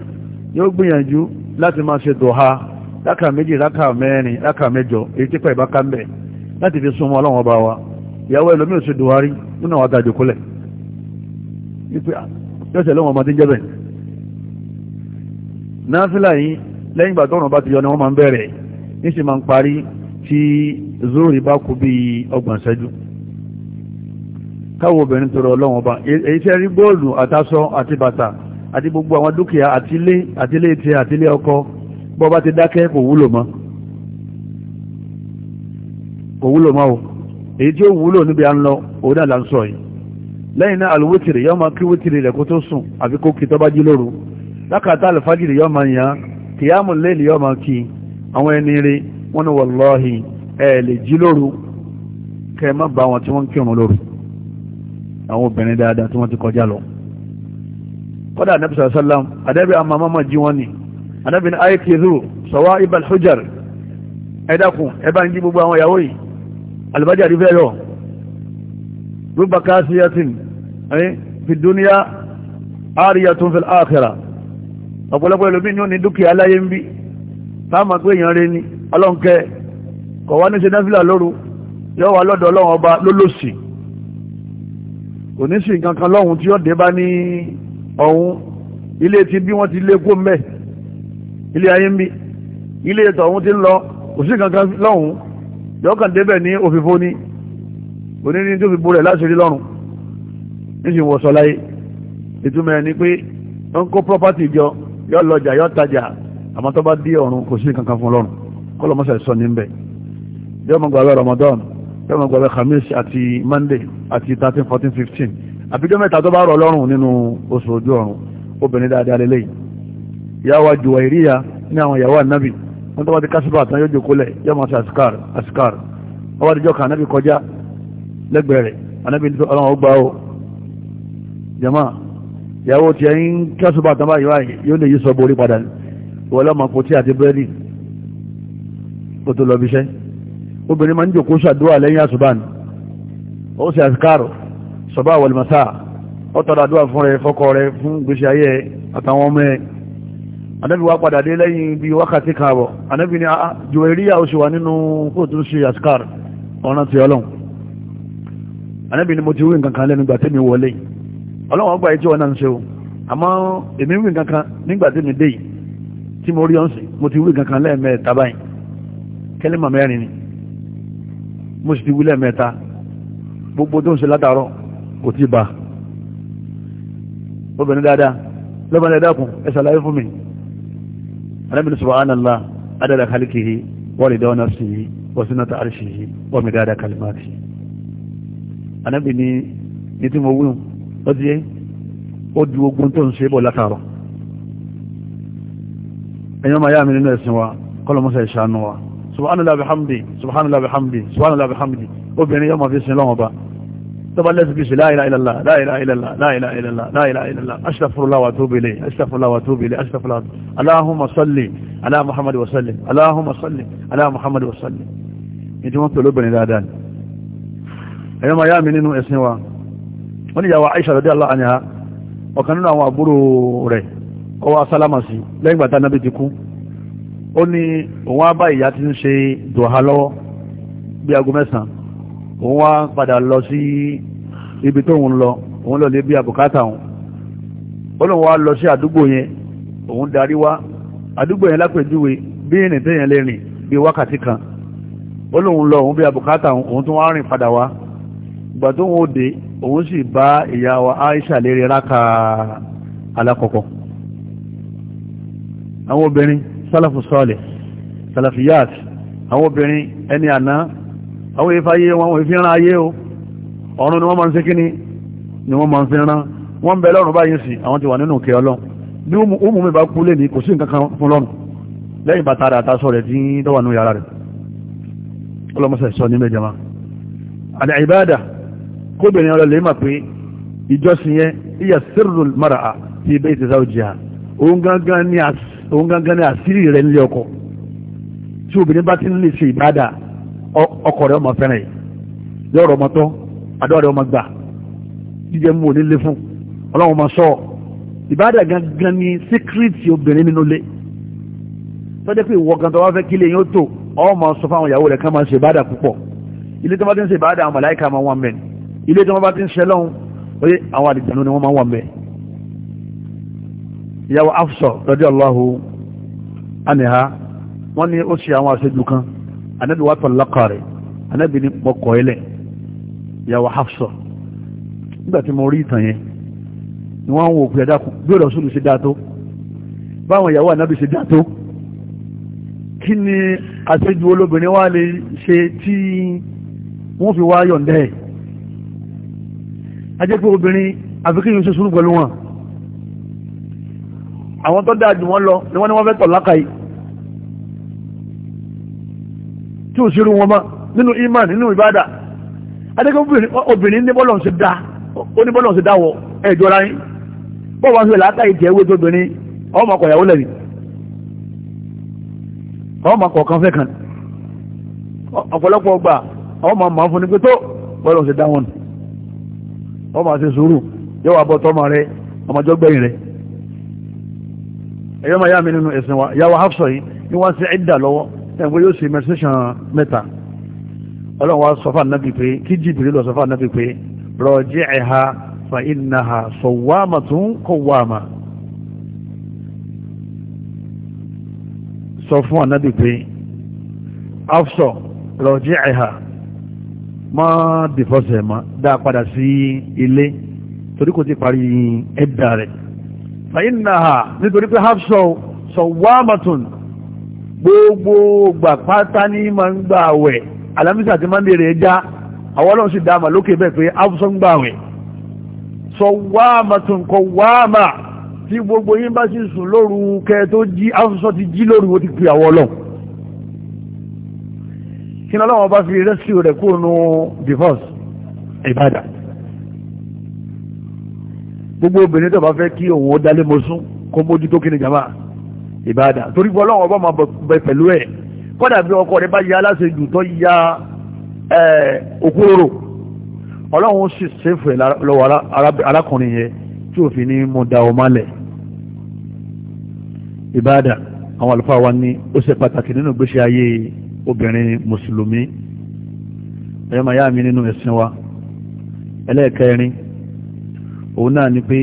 yóò gbìyànjú láti máa ṣe dùhà rákà méjì rákà mẹ́rin rákà mẹ́jọ èyí tí pẹ̀ ìbá ká ń bẹ̀ láti fi súnmọ́ ọlọ́wọ́n bá wa ìyàwó ẹlòmíì ṣe dùhà rí nínú àwọn adájọ́ wípé ah, yọ́sẹ̀ lọ́wọ́ ọmọdé jẹ́bẹ̀ náfílà yìí lẹ́yìn ìgbà tọ́rùn bá ti yọ ni wọ́n máa ń bẹ̀rẹ̀ ní sì máa ń parí tí zóòrì bá kú bí ọgbọ̀n ṣẹ́jú káwọ obìnrin tọrọ ọlọ́wọ́n bá e-, èyí tẹ́ rí góòlù àtàṣọ àti bàtà àti gbogbo àwọn dúkìá àtilé àtilé tí àtilé ọkọ bọ́ bá ti dákẹ́ kò wúlò mọ́ kò wúlò mọ́ o èyí tí ó wúlò níbi à ń lọ òun náà là ń sọ yìí lẹ́yìn náà alùwítìrì yọ́ máa kí wítìrì rẹ̀ kó tó sùn àfi kó kí tọ́bá jí lóru lákàtà alfajiri yọ́ máa yàn kìyàmù lẹ́lì yọ́ máa kí àwọn ẹni rí wọ́n ní wàlọ́hì ẹ̀ lè jí lóru kẹ́ má bá wọn tí wọ́n ń ti kọjá lọ. kọ́dà sàlám àmà mama jí wọn ni adábì ní aikizu ibal hujar Eh, fi dúníyà àríyà tó ń fi àkẹrà ọ̀pọ̀lọpọ̀ ẹlòmí ní ó ní dúkìá láyé ń bí táàmà pé èèyàn rẹ ni ọlọ́nkẹ́ kọ̀ wá ní ṣe náfìlà lóru yóò wà lọ́dọ̀ ọlọ́run ọba lólòsì kò ní sí nǹkan kan lọ́hùn tí ó dé bá ní ọ̀hún ilé tí bí wọ́n ti lé kó mẹ́ ilé ayé ń bí ilé tọ̀hún ti ń lọ kò sí nǹkan kan lọ́hùn yóò kàn débẹ̀ ní òfìfo ni òní ní tó fi bo rẹ̀ láṣìírí lọ́rùn níṣì wọ́n sọ láyé ìtumọ̀ ẹni pé ó ń kó property jọ yọ lọjà yọ tajà àmọ́ tó bá dí ọ̀run kò sí kankan fún ọlọ́run kọ́lọ̀ mọ́sẹ̀ sọ ní bẹ̀ yọ mọ̀ gbàgbé Ramadan yọ mọ̀ gbàgbé Khamis àti Monday àti thirteen fourteen fifteen àbíjọ́ mẹ́ta tó bá rọ̀ lọ́rùn nínú oṣù ojú ọ̀run obìnrin dáadáa lélẹ̀ yàwá Juwairiya ní àwọn yàwá nábì wọ́n tó bá ti kásìbà tán yóò jòkó lẹ̀ yọ mọ̀ sí askar askar wọ́n bá ti jọ́ kan nábì kọjá lẹ́gbẹ̀ẹ́ rẹ̀ anábì ọlọ́run ó gbà ó jama ìyàwó tí ẹ̀yìn kẹ́sùbà tán báyìí báyìí yóò lè yí sọ borí padà ní ìwọlọ́mọ kò tí àti búrẹ́dì kò tó lọ bí iṣẹ́ obìnrin máa ń jòkó ṣàdúrà lẹ́yìn àṣùbà ní ó sì àṣìkárò sọ̀bá àwọlùmọ̀sá ó tọ́ra àdúrà fún rẹ fọ́kọ rẹ fún gbèsè ayé àtàwọn ọmọ ẹ̀ anábì wá padà dé lẹ́yìn bíi wákàtí kan àbọ̀ anábì ni jò eríyà oṣù wà nínú kó tún ṣe àṣìkárò ọ̀ràn ti ọlọ́run anábì ni mo ti wí nǹkan kan lẹ́nu gbà tẹ́mi wọlé yìí ọlọ́wọ́n ọgbà yìí tí wọ́n náà ń ṣe o àmọ́ èmi wí nǹkan kan nígbà tí mi dé yìí tí mo rí ọ̀n sí mo ti wí nǹkan kan lẹ́ẹ̀mẹ́ta báyìí kẹ́lẹ́mà mẹ́rin ni mo sì ti wí lẹ́ẹ̀mẹ́ta gbogbo tó ń ṣe látàárọ̀ kò tí ba obìnrin dáadáa lọ́bàá dáadáa kù ẹ ṣàlàyé fún mi alábìnrin subhanallah adada khaliqihi wa rida nafsihi wa sinata arshihi wa midada kalimatihi anábìnrin ní tí mo wí ó ti yé ó ju ogun tó ń ṣe bọ̀ látàrọ̀ ẹ̀yàn máa yá mi nínú ẹ̀sìn wa kọ́lọ̀mọ́sẹ̀ ìṣàánú wa subhanallah bihamdi subhanallah bihamdi subhanallah bihamdi obìnrin yọ́ máa fi sin lọ́wọ́ ba tó bá lẹ́sìn bí ṣe la ilaha illallah la ilaha illallah la ilaha illallah la ilaha illallah astaghfirullah wa atubu ilayh astaghfirullah wa atubu ilayh astaghfirullah allahumma salli ala muhammad wa sallim allahumma salli ala muhammad wa sallim ìdí wọn pẹ̀lú obìnrin dáadáa máa yá mi nínú ẹ̀sìn wa wọ́n ní ìyàwó Aisha radiyallahu anha ọ̀kan nínú àwọn àbúrò rẹ̀ ọwọ́ sálámà lẹ́yìn ìgbà ti kú ó ní òun á bá ìyá tí ń ṣe dùhà lọ sí ibi tó ń lọ òun lọ lé bí àbùkátà òun ó lóun wá lọ sí àdúgbò yẹn òun darí wá àdúgbò kan ó lóun lọ òun bí òun wá rìn padà ìgbà tó òun sì bá ìyá wa Aisha lérí ráka alákọ̀ọ́kọ́ àwọn obìnrin sálàfù sálàfìyàt àwọn obìnrin ẹni àná àwọn wọn ayé o ọ̀run ni wọ́n máa ń ṣe ni wọ́n máa ń fi ran wọ́n ń lọ́rùn báyìí sí àwọn ti wà nínú kẹ ọlọ́run bí ó t'a kóbìnrin ọlọ́lẹ̀ mà pé ìjọsìn yẹn ìyà sírù mara ti ibẹ̀ ìtẹ̀sá òjì à òun gangan ní àṣírí rẹ̀ nílé ọkọ tí obìnrin bá ti ń lè ṣe ìbádà ọkọ rẹ̀ ọmọ fẹ́ràn yìí yọ̀rọ̀ ọmọ tọ́ àdúrà rẹ̀ ọmọ gbà jíjẹ mú onílé fún ọlọ́run ọmọ sọ ìbádà gangan ní síkírìtì obìnrin nínú ilé tọ́jẹ́ pé ìwọ gan tó wá fẹ́ kílé yín ó ọmọ sọ fáwọn ìyàwó rẹ̀ ká máa ṣe ìbádà púpọ̀ ilé tó bá ti ń ṣe ìbádà àwọn màláìka máa wọ́n mẹ́rin ilé tí wọ́n bá ti ń ṣẹlọ́hun oye àwọn àdìjànú ni wọ́n máa wà mẹ́ ìyàwó Afsa radiyallahu anha wọ́n ní ó ṣe àwọn àṣejù kan anábì wà tọ̀lá kàrẹ̀ anábì ní mọ́kọ̀ ilẹ̀ ìyàwó Afsa nígbà tí mo rí ìtàn yẹn ni wọ́n ń wò pé ẹ̀dàkùn bí ọ̀rọ̀ sùúrù ṣe dáa tó báwọn ìyàwó ànábì ṣe dáa tó kí ni àṣejù olóbìnrin wá lè ṣe tí wọ́n fi wá yọ̀ǹdẹ́ ẹ̀ ajẹ́ pé obìnrin àfikíyàn ṣe sùúrù pẹ̀lú wọn àwọn tó dáa jù wọ́n lọ ni wọ́n ni wọ́n fẹ́ tọ̀ lákàáyì tí ò ṣerú wọn mọ́ nínú iman nínú ìbádà adẹ́kọ̀ obìnrin ní bọ́lọ̀ ṣe dá ó ní bọ́lọ̀ ṣe dá wọ ẹ̀jọ́ ra yín bọ́ wọn ṣe lákàáyì jẹ́ ewé tóbìnrin ọmọ ọkọ̀ ìyàwó lẹ́yìn ọmọ ọkọ̀ kan fẹ́ kan ọ̀pọ̀lọpọ̀ gbà ọmọ ọmọ fún ni pé tó bọ́lọ̀ ṣe dá wọn nù ọ ma ṣe sùúrù yóò wà bọ́ tọ́mọ rẹ ọmọjọ́ gbẹ̀yìn rẹ ẹ̀yọ́ máa yá mi nínú ẹ̀sìn wa yàwó Hafsa yìí ni wọ́n ṣe ẹ̀dà lọ́wọ́ ẹ̀gbẹ́ yóò ṣe mẹ́sẹ̀sán mẹ́ta ọlọ́run wa sọ fún ànábì pé kí jìbìrì lọ sọ fún ànábì pé rọ̀jẹ́ ẹ̀ha fa má dìfọ́sẹ̀ má dá padà sí ilé torí kò ti parí ẹ̀dà rẹ̀ fàyín náà nítorí pé hafsọ sọwámatùn gbogbo gbà pátá ní ma ń gbà wẹ̀ alamisa ti máa ń bèèrè ẹja àwọn ọlọ́run sì dáàmà lókè bẹ́ẹ̀ pé hafsọ ń gbà wẹ̀ sọwámatùn kọ wáàmà tí gbogbo yín bá sì sùn lóru kẹ tó jí hafsọ ti jí lóru ó ti pè àwọn kí ni ọlọ́wọ́n bá fi rẹ́síù rẹ̀ kúrò divorce ìbàdàn gbogbo obìnrin tó bá fẹ́ kí òun ó dalé mọ́sún kó mójútó kí ni jàmá ìbàdàn torí pé ọlọ́wọ́n bá máa bẹ pẹ̀lú ẹ̀ kọ́dà bí ọkọ rẹ̀ bá ya aláṣejù tó ya òkú oró ọlọ́run sì ṣèfù ẹ̀ lọ́wọ́ arákùnrin yẹn tí òfin ní mo da ọ málẹ̀ ìbàdàn àwọn àlùfáà wa ní ó ṣe pàtàkì nínú ìgbésí ayé yìí obìnrin mùsùlùmí ẹ̀yọ́ máa yá nínú ẹ̀sìn wa ẹlẹ́ẹ̀kẹrin òun náà ni pé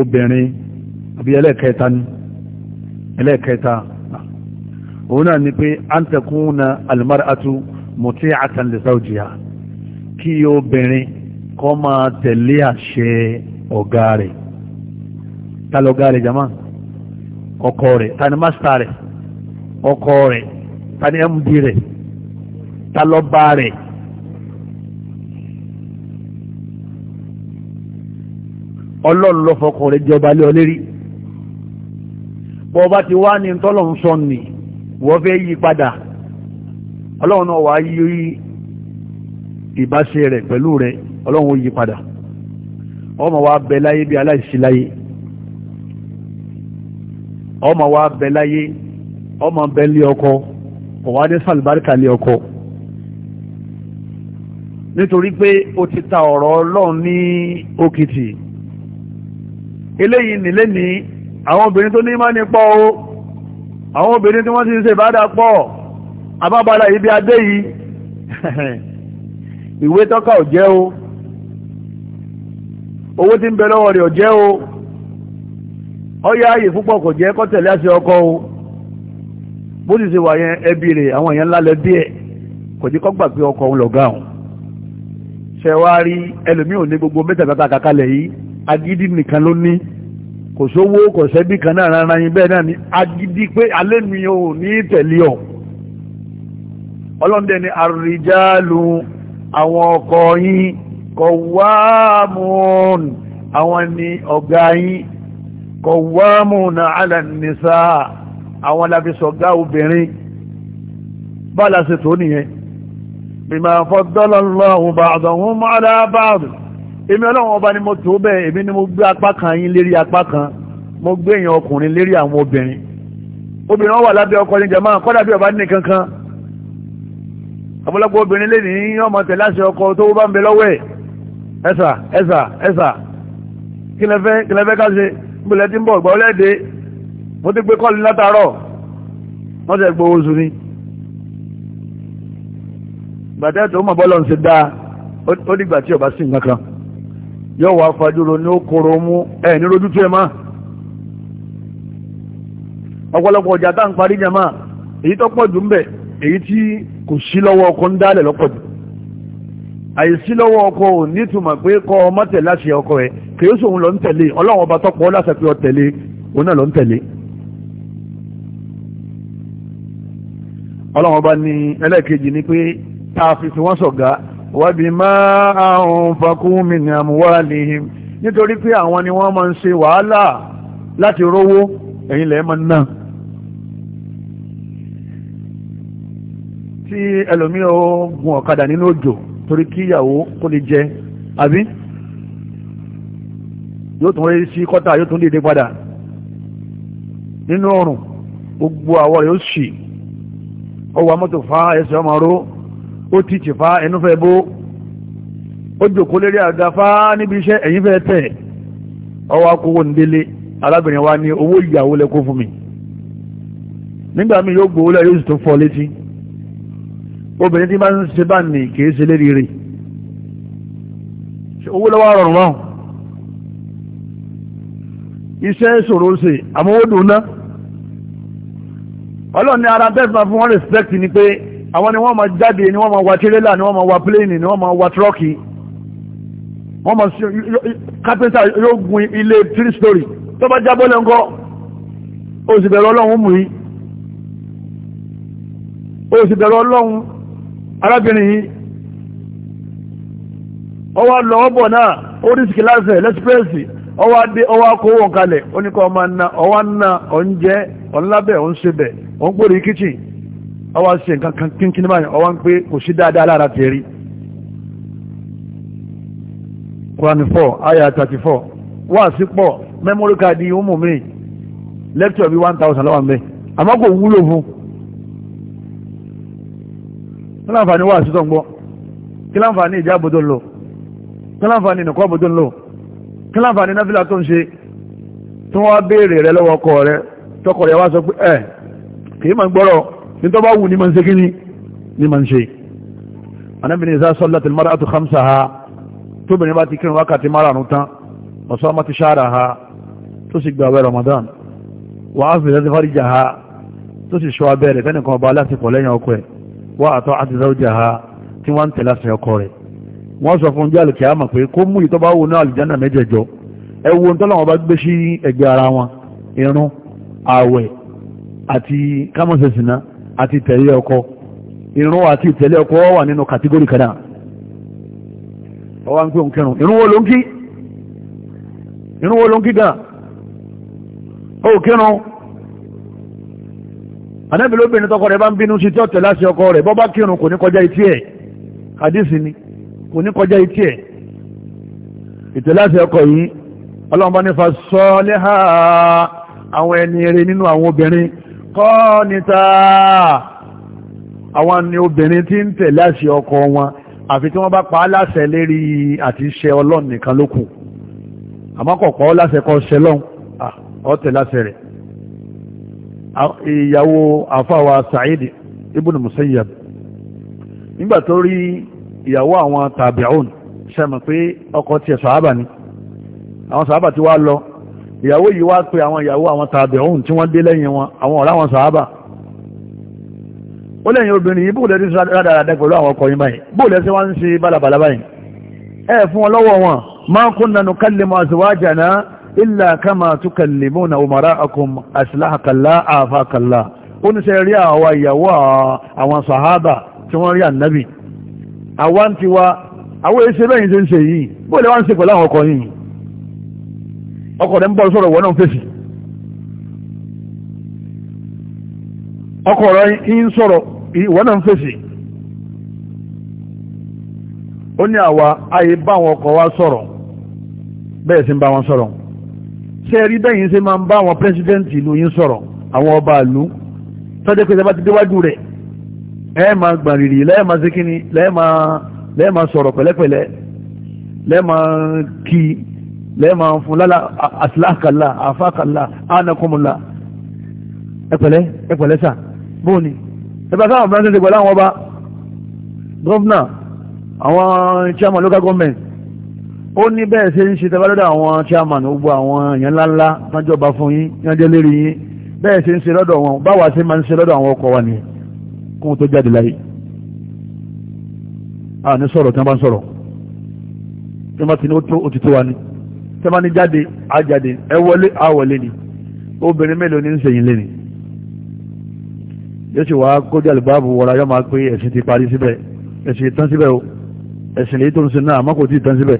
obìnrin àbí ẹlẹ́ẹ̀kẹta ni ẹlẹ́ẹ̀kẹta òun náà ni pé an takuna almar'atu muti'atan li zawjiha kí obìnrin kó máa tẹ̀lé àṣẹ ọ̀gá rẹ̀ ta lọ̀gá rẹ̀ jama ọkọ rẹ̀ ta ni mástà rẹ̀ ọkọ rẹ̀ ta ni md rẹ ta lọ́ba rẹ̀ ọlọ́run ló fọkàn rẹ̀ jọba lé ọ lérí bọ́ ti wá ní tọ́lọ́run sọ nì wọ́n fẹ́ yí padà ọlọ́run náà wàá yí ìbáṣe rẹ̀ pẹ̀lú rẹ̀ ọlọ́run ó yí padà ọmọ wa bẹ láyé bí aláìsí láyé ọmọ wa bẹ láyé ọmọ bẹ lé ọkọ kò wá dé sàlùbáríkà lé ọkọ nítorí pé ó ti ta ọ̀rọ̀ ọlọ́run ní òkìtì eléyìí nílé ní àwọn obìnrin tó ní má ní pọ̀ o àwọn obìnrin tí wọ́n ti ń ṣe ìbádà pọ̀ abábalà yìí bí adé yìí ìwé tọ́ka ò jẹ́ o owó tí ń bẹ lọ́wọ́ rẹ̀ ò jẹ́ o ọyá ààyè púpọ̀ kò jẹ́ kọ́tẹ̀lẹ́ àṣẹ ọkọ o. bó sì ṣe wà yẹn ẹbí rẹ̀ àwọn èèyàn ńlá lẹ́bí kò ní pé ọkọ̀ òun lọ̀gá ṣe wá rí ẹlòmíì ní gbogbo mẹ́tẹ̀ẹ̀ta kàkálẹ̀ yìí agídí nìkan ló ní kò sówó kò sẹ́bí kan náà rárá ni agídí pé alẹ́ mi ò ní tẹ̀lé ọ̀ ni àwọn yín àwọn ni ọ̀gá yín àwọn labisọ̀gá obìnrin bála ṣe tó nìyẹn bima faddalallahu ba'dahum ala ba'd èmi ọlọ́run ọba ni mo tó bẹ́ẹ̀ èmi ni mo gbé apá kan yín lérí apá kan mo gbé èèyàn ọkùnrin lérí àwọn obìnrin obìnrin wà lábẹ́ ọkọ ní jama kọ́dà bí ọba ní kankan ọ̀pọ̀lọpọ̀ obìnrin lè ní ọmọ tẹ̀ láṣẹ ọkọ tó bá ń bẹ lọ́wọ́ ẹ̀ ẹ̀sà ẹ̀sà ẹ̀sà kílẹ̀fẹ́ kílẹ̀fẹ́ ká ṣe gbọ́lẹ̀ tí ń bọ̀ gbọ́lẹ̀ dé mo ti gbé kọ́ọ̀lù látàárọ̀ wọ́n ti gbowó oṣù ni gbàtẹ́ tó mọ̀ bọ́lọ̀ ń ṣe dáa ó dìgbà tí ọba sí nǹkan kan yóò wá fajúro ní ó kóró mú ẹ ní rojú tó ẹ mọ́ ọ̀pọ̀lọpọ̀ ọjà tá ń parí jama èyí tó pọ̀ jù ń bẹ èyí tí kò sí lọ́wọ́ ọkọ ń dálẹ̀ lọ́pọ̀ jù àìsí lọ́wọ́ ọkọ ò nítumọ̀ pé kọ́ ọmọ tẹ̀ láṣẹ ọkọ ẹ̀ kìí sóun lọ ń tẹ̀lé ọlọ́run ọba tọ́pọ̀ láṣẹ pé ọ tẹ̀lé òun náà lọ ń tẹ̀lé ọlọ́run ọba ní ẹlẹ́ẹ̀kejì ni pé tá a fi fi wọ́n ṣọ̀gá wábi máa àrùn fakúnmi ní àmúwálìhìm nítorí pé àwọn ni wọ́n máa ń ṣe wàhálà láti rówó ẹ̀yin lẹ́ẹ̀ máa ná tí ẹlòmí ó gun ọ̀kadà nínú òjò torí kí ìyàwó kó lè jẹ àbí yóò tún rí sí kọ́tà yóò tún lè padà nínú ọrùn gbogbo àwọ̀ rẹ̀ ó sì ó mọ́tò fa ẹsẹ̀ ọmọ ró ó tìtì fa ẹnu fẹ́ bó ó jòkó lérí àga fa níbi iṣẹ́ ẹ̀yìn fẹ́ tẹ̀ ọwọ́ akówó ń délé alábìnrin wa ní owó ìyàwó lẹ kó fún mi nígbà míì yóò gbowó lẹ yóò sì tó fọ létí obìnrin tí bá ń ṣe bá nì kìí ṣe lérí rè owó lọ́wọ́ rọrùn wọn iṣẹ́ ṣòro ṣe àmọ́ ó dùn náà ọlọ́run ní ara bẹ́ẹ̀ fún wọn respect ni pé àwọn ni wọ́n máa jáde ni wọ́n máa wa tírélà ni wọ́n máa wa pléènì ni wọ́n máa wa tírọ́kì wọ́n máa sí kápẹ́ntà yóò gun ilé three story tó bá jábọ́ lẹ́ńkọ́ ó sì bẹ̀rẹ̀ ọlọ́run mú yìí ó sì bẹ̀rẹ̀ ọlọ́run arábìnrin yìí ọwọ́ lọ́wọ́bọ̀ náà ó rí síkìláṣẹ̀ lẹ́sìpẹ́ẹ̀sì ọwọ́ adé ọwọ́ akówó kalẹ̀ oníkọ́ ọmọ ọwọ́ náà ọ̀ ń jẹ́ ọ̀nlábẹ̀ ọ̀ ń ṣe bẹ̀ wọ́n gbòòrò kíchìn ọwọ́ ṣe nǹkan kan kínkín ní báyìí ọwọ́ ń pé kò sí dáadáa lára tẹ̀rí Quran 4 aya 34 wá sí pọ̀ memory card yìí ó mú mi lecture bí 1000 lọ́wọ́ mi àmọ́ kò wúlò fún kí láǹfààní wá sí tọ́gbọ́ kí láǹfààní ìjábò tó ń lò kí láǹfààní nìkọ́ bò tó ń lò kí láǹfààní náfìlà tó ń ṣe tí wọ́n béèrè rẹ lọ́wọ́ ọkọ rẹ tọkọ rẹ wá sọ pé ẹ̀ kìí ma gbọ́rọ̀ ní tọ́ bá wù ní ma ń ṣe kíní ní ma ń ṣe anábìnrin ìsá sọ́lá tí mara àti hamsa ha tóbìnrin bá ti kírun wákàtí mara àrùn tán ọ̀sọ́ ọmọ ti ṣára ha tó sì gbàwẹ̀ ramadan wà á fi lẹ́sẹ̀ fáríjà ha tó sì ṣọ́ abẹ́rẹ̀ fẹ́ni kan ọba aláṣẹ pọ̀ lẹ́yìn ọkọ ẹ̀ wà àtọ́ àti záwùjà ha tí wọ́n ń tẹ̀lé àṣẹ ọkọ rẹ̀ wọ́n sọ fún jáàlì kìámà pé kó mú ìtọ́ bá wù àlùjáná mẹ́jẹ̀jọ ẹ wo ń tọ́lọ́wọ́n bá gbé sí ẹgbẹ́ ara wọn irun ààwẹ̀ àti kámọ́sẹ̀sìnà àti tẹ̀lé ọkọ irun àti ìtẹ̀lé ọkọ wà nínú kàtígórì kan náà ọwá ń pè òun kẹrùn irun wo ló ń kí irun wo ló ń kí gan ó kírun anábì lóbìnrin tọkọ rẹ̀ bá ń bínú sí tí ọ̀tẹ̀ láti ọkọ rẹ̀ bọ́ bá kírun kò ní kọjá etí ẹ̀ hadisi ni kò ní kọjá etí ẹ̀ ìtẹ̀ ọkọ yìí ọlọ́run bá nífa sọ lẹ́hà àwọn ẹni eré nínú àwọn obìnrin qanita àwọn ni obìnrin tí ń tẹ̀lé àṣẹ ọkọ wọn àfi tí wọ́n bá pa á láṣẹ lérí àti ṣe ọlọ́run nìkan ló kù àmọ́ kò pa ọ́ láṣẹ kọ́ ṣe lọ́hùn ọ́ tẹ̀ láṣẹ rẹ̀ ìyàwó àfàwà Sa'id ibn Musayyab nígbà tó rí ìyàwó àwọn tàbíọ́n ṣe mọ̀ pé ọkọ tiẹ̀ sàábà ni àwọn sàábà ti wá lọ ìyàwó yìí wá pé àwọn ìyàwó àwọn tàbí ohun tí wọ́n dé lẹ́yìn wọn àwọn ọ̀rá wọn sàábà ó lẹ́yìn obìnrin yìí bóòlẹ́ tí rádaràdá pẹ̀lú àwọn ọkọ yín báyìí bóòlẹ́ sí wọ́n ń ṣe bálabàlá báyìí ẹ fún wọn lọ́wọ́ wọn ma kunna nukallimu azwajana illa kama tukallimuna umara'akum aslahakalla afakalla ó ní sẹ́ rí àwọn ìyàwó àwọn sàábà tí wọ́n rí ànábì àwọn tiwa àwọn èsì bẹ́yìn tí ń ṣe yìí bóòlẹ́ wọ́n ń ṣe pẹ̀lú àwọn ọkọ yìí ọkọ rẹ̀ ń bọ́ sọ̀rọ̀ wọ́n náà fèsì ọkọ rẹ̀ ń sọ̀rọ̀ wọ́n náà fèsì ó ní àwa ayé báwọn ọkọ wa sọ̀rọ̀ bẹ́ẹ̀ sí ń bá wọn sọ̀rọ̀ ṣe rí bẹ́yìn ṣe máa ń bá àwọn pẹ́sidẹ́ǹtì ìlú yín sọ̀rọ̀ àwọn ọba ìlú tọ́jẹ́ pé sábà ti déwájú rẹ̀ ẹ máa gbọ̀n rìrì lẹ́ẹ̀ma ṣe kíni lẹ́ẹ̀ma sọ̀rọ̀ pẹ̀lẹ́pẹ̀lẹ́ lẹ́ẹ̀ma kí lẹ́ẹ̀mà fún lálá àtìláàkàlá àfáàkàlá ánàkùnmùlá ẹ̀pẹ̀lẹ́ ẹ̀pẹ̀lẹ́ sà bóòní ẹ̀bá sáwọn bẹ́ẹ̀ tẹ́tẹ́ pẹ̀lú àwọn ọba gọ́vnà àwọn chairman local government ó ní bẹ́ẹ̀ ṣe ń ṣe tẹ́bá lọ́dọ̀ àwọn chairman gbogbo àwọn èèyàn ńláńlá tájọba fún yín yánjẹ́ lérí yín bẹ́ẹ̀ ṣe ń ṣe lọ́dọ̀ wọn báwa ṣe máa ń ṣe lọ́dọ̀ àwọn ọkọ̀ wa nìyẹn kóhun tó jáde láyé a sọ̀rọ̀ tí wọ́n bá ń sọ̀rọ̀ tí wọ́n bá ti ní ó tó òtítọ́ wa ni tẹ́ bá ní jáde á jáde ẹ wọlé á ni obìnrin mélòó ní sèyìn lé ni yóò sì wá kójú àlùbáàbù wọra yóò máa pé ẹ̀sìn ti parí síbẹ̀ ẹ̀sìn tán síbẹ̀ o ẹ̀sìn lèyí tó ń sin náà àmọ́ kò tí ì tán síbẹ̀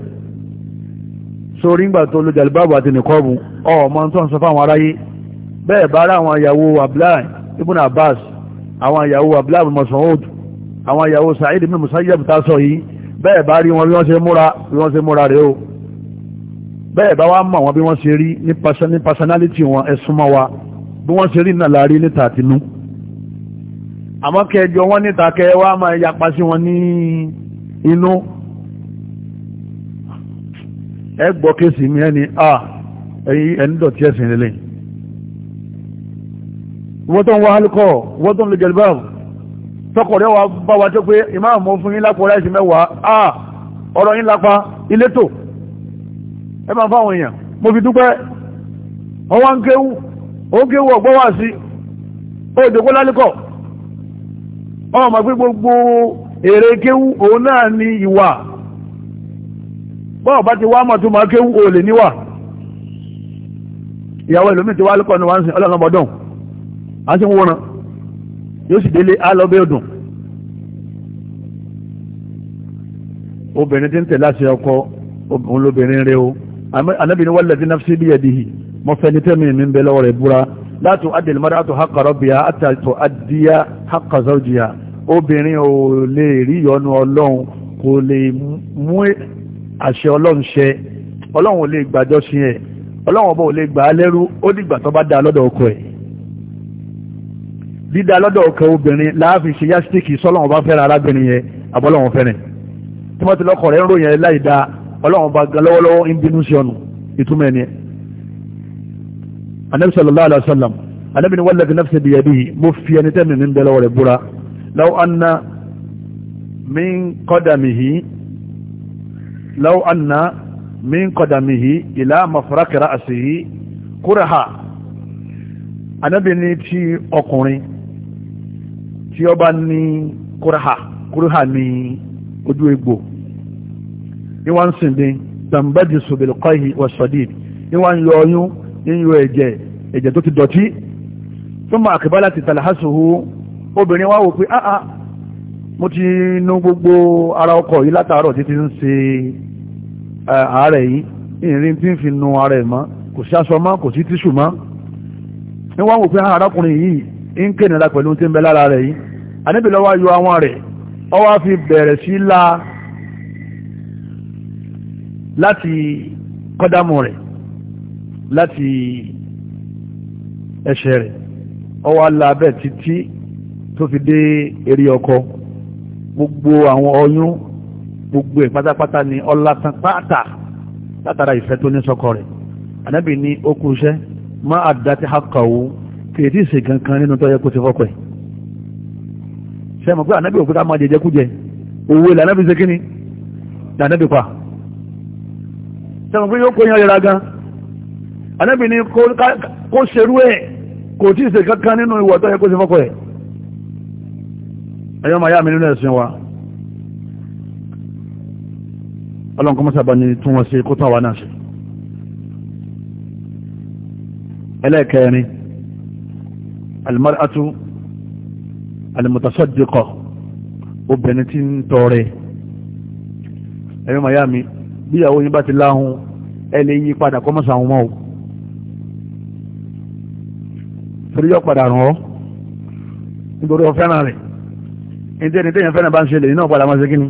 sórí ńgbà tó lójú àlùbáàbù àti nìkọ́ọ̀bù ọmọ tó ń sọ fáwọn aráyé bẹ́ẹ̀ bá àwọn ìyàwó abdullahi ibn abbas àwọn ìyàwó abdullahi masoud àwọn ìyàwó sa'id ibn musayyab tá sọ yìí bẹ́ẹ̀ bá rí wọn bí wọ́n ṣe múra bí wọ́n ṣe múra rèé o bẹ́ẹ̀ bá wá mọ̀ wọn bí wọ́n ṣe rí ní personality wọn ẹ̀sùn mọ́ wa bí wọ́n ṣe rí náà láàrí níta àtinú àmọ́ kẹjọ wọ́n níta kẹ wá máa yapa sí wọn ní inú ẹ gbọ́ kéèsì mi ẹni a ẹni dọ̀tí ẹ̀sìn lélẹ̀ wọ́n tó ń wá alukọ́ wọ́n tó ń lè jẹ̀lú báwò tọkọ̀ bá wa tó pé ìmáàmù fún yín lápò ráìsì mẹ́wàá a ọ̀rọ̀ yín lápá ilé tó ẹ fáwọn èèyàn mo fi dúpẹ́ ọwọ́ ń kéwú ó kéwú ọ̀gbọ́ wà sí ó dòkó ọmọ gbogbo èrè kéwú òun náà ni ìwà bọ́ọ̀ bá ti wá mọ̀ tó máa kéwú ò lè níwà ìyàwó ìlú ti wá lẹ́kọ̀ọ́ ni anabi ni wàlẹ̀ dín nafsi bíyà dìhì mo fẹ́ ní tẹ́mi mi ń bẹ lọ́wọ́ rẹ̀ búra láti adìl mara àti haqqa rabbiha àti àtò adìyà haqqa zawjiha obìnrin ò lè rí ìyọnu ọlọ́run kò lè mú àṣẹ ọlọ́run ṣẹ ọlọ́run ò lè gbàjọ́ sí ẹ̀ ọlọ́run ọba ò lè gbà á lẹ́rú ó dìgbà tó bá dá lọ́dọ̀ ọkọ ẹ̀ dídá lọ́dọ̀ ọkọ obìnrin láàfin ṣe yásítíkì sọ́lọ́run ọba fẹ́ràn arábìnrin yẹn àbọ́lọ́run fẹ́ràn tí wọ́n ti lọ́kọ̀ rẹ̀ ń ròyìn ẹ̀ láì dáa ọlọ́run bá ga lọ́wọ́lọ́wọ́ ń bínú sí ọnù ìtumọ̀ ẹni ẹ̀ anabi sallallahu alayhi wa sallam anabi ni wàllu nafsi bi yadihi mo fi ẹni tẹ́mi mi bẹ́ lọ́wọ́ rẹ̀ búra law anna min qadamihi law anna min qadamihi ila mafaraki ra'sihi kúrẹ́hà anabi ni ti ọkùnrin tí ó bá ní kúrẹ́hà kúrẹ́hà ní ojú egbò ìwà ń sìn dín dàmbẹ́dì sùbìlìkọ́yì wọ̀sọ̀dìd ìwà ń yọ ọyún yíyọ ẹ̀jẹ̀ ẹ̀jẹ̀ tó ti dọ̀tí fún ma àkìbálà ti tàlàhásùhù obìnrin wá wò pé áà ah, ah, mo ti nu gbogbo ara ọkọ̀ yìí látàárọ̀ títí ń ṣe àárẹ̀ yìí ìrìn tí ń fi nu ara ẹ̀ mọ́ kò sí aṣọ mọ́ kò sí tíṣù mọ́ ní wọ́n wò pé ah, arákùnrin yìí ń kéènìyàn pẹ̀lú tí ń bẹ lára rẹ̀ yìí àníbìlọ́wọ́ yọ àwọn rẹ̀ ọwọ́ fi bẹ̀rẹ̀ sí la láti kọ́dámù rẹ̀ láti ẹsẹ̀ rẹ̀ ọwọ́ alábẹ́ títí tó fi dé eré ọkọ gbogbo àwọn ọyún gbogbo ẹ̀ ni ọlásán pátá látara ìfẹ́ tó ní sọ́kọ rẹ̀ ànábì ní okùn iṣẹ́ má àdáti hakọ̀wó kìrìtì ìsìn kankan nínú tó yẹ kó ti fọ́kọ̀ ẹ̀ ṣe mọ̀ pé ànábì òkúta máa jẹjẹ kújẹ òwe lànábì ṣe kíni lànábì pa tẹ̀wọ̀n pé yóò kó yan yẹra gan anábì ni kó ṣerú ẹ̀ kò tí ì ṣe kankan nínú ìwọ̀ tó yẹ kó ṣe fọ́kọ̀ ẹ̀ ẹ̀yọ́ màá yá mi nínú ẹ̀sìn wa ọlọ́run kọ́ mọ́sàbá ni tún wọn ṣe kó tán wa náà ṣe ẹlẹ́ẹ̀kẹrin alimaratu alimutasaddiqa obìnrin tí ń tọrẹ ẹ̀yọ́ màá yá mi bí ìyàwó yín bá ti láhun ẹ lè yí padà kọ́ mọ́sàn àwọn ọmọ o torí yọ padà ràn ọ́ nítorí ọ fẹ́ràn rẹ̀ ní tẹ́ni tẹ́yìn fẹ́ràn bá ń ṣe lè nínú ọ̀padà máa ṣe kíni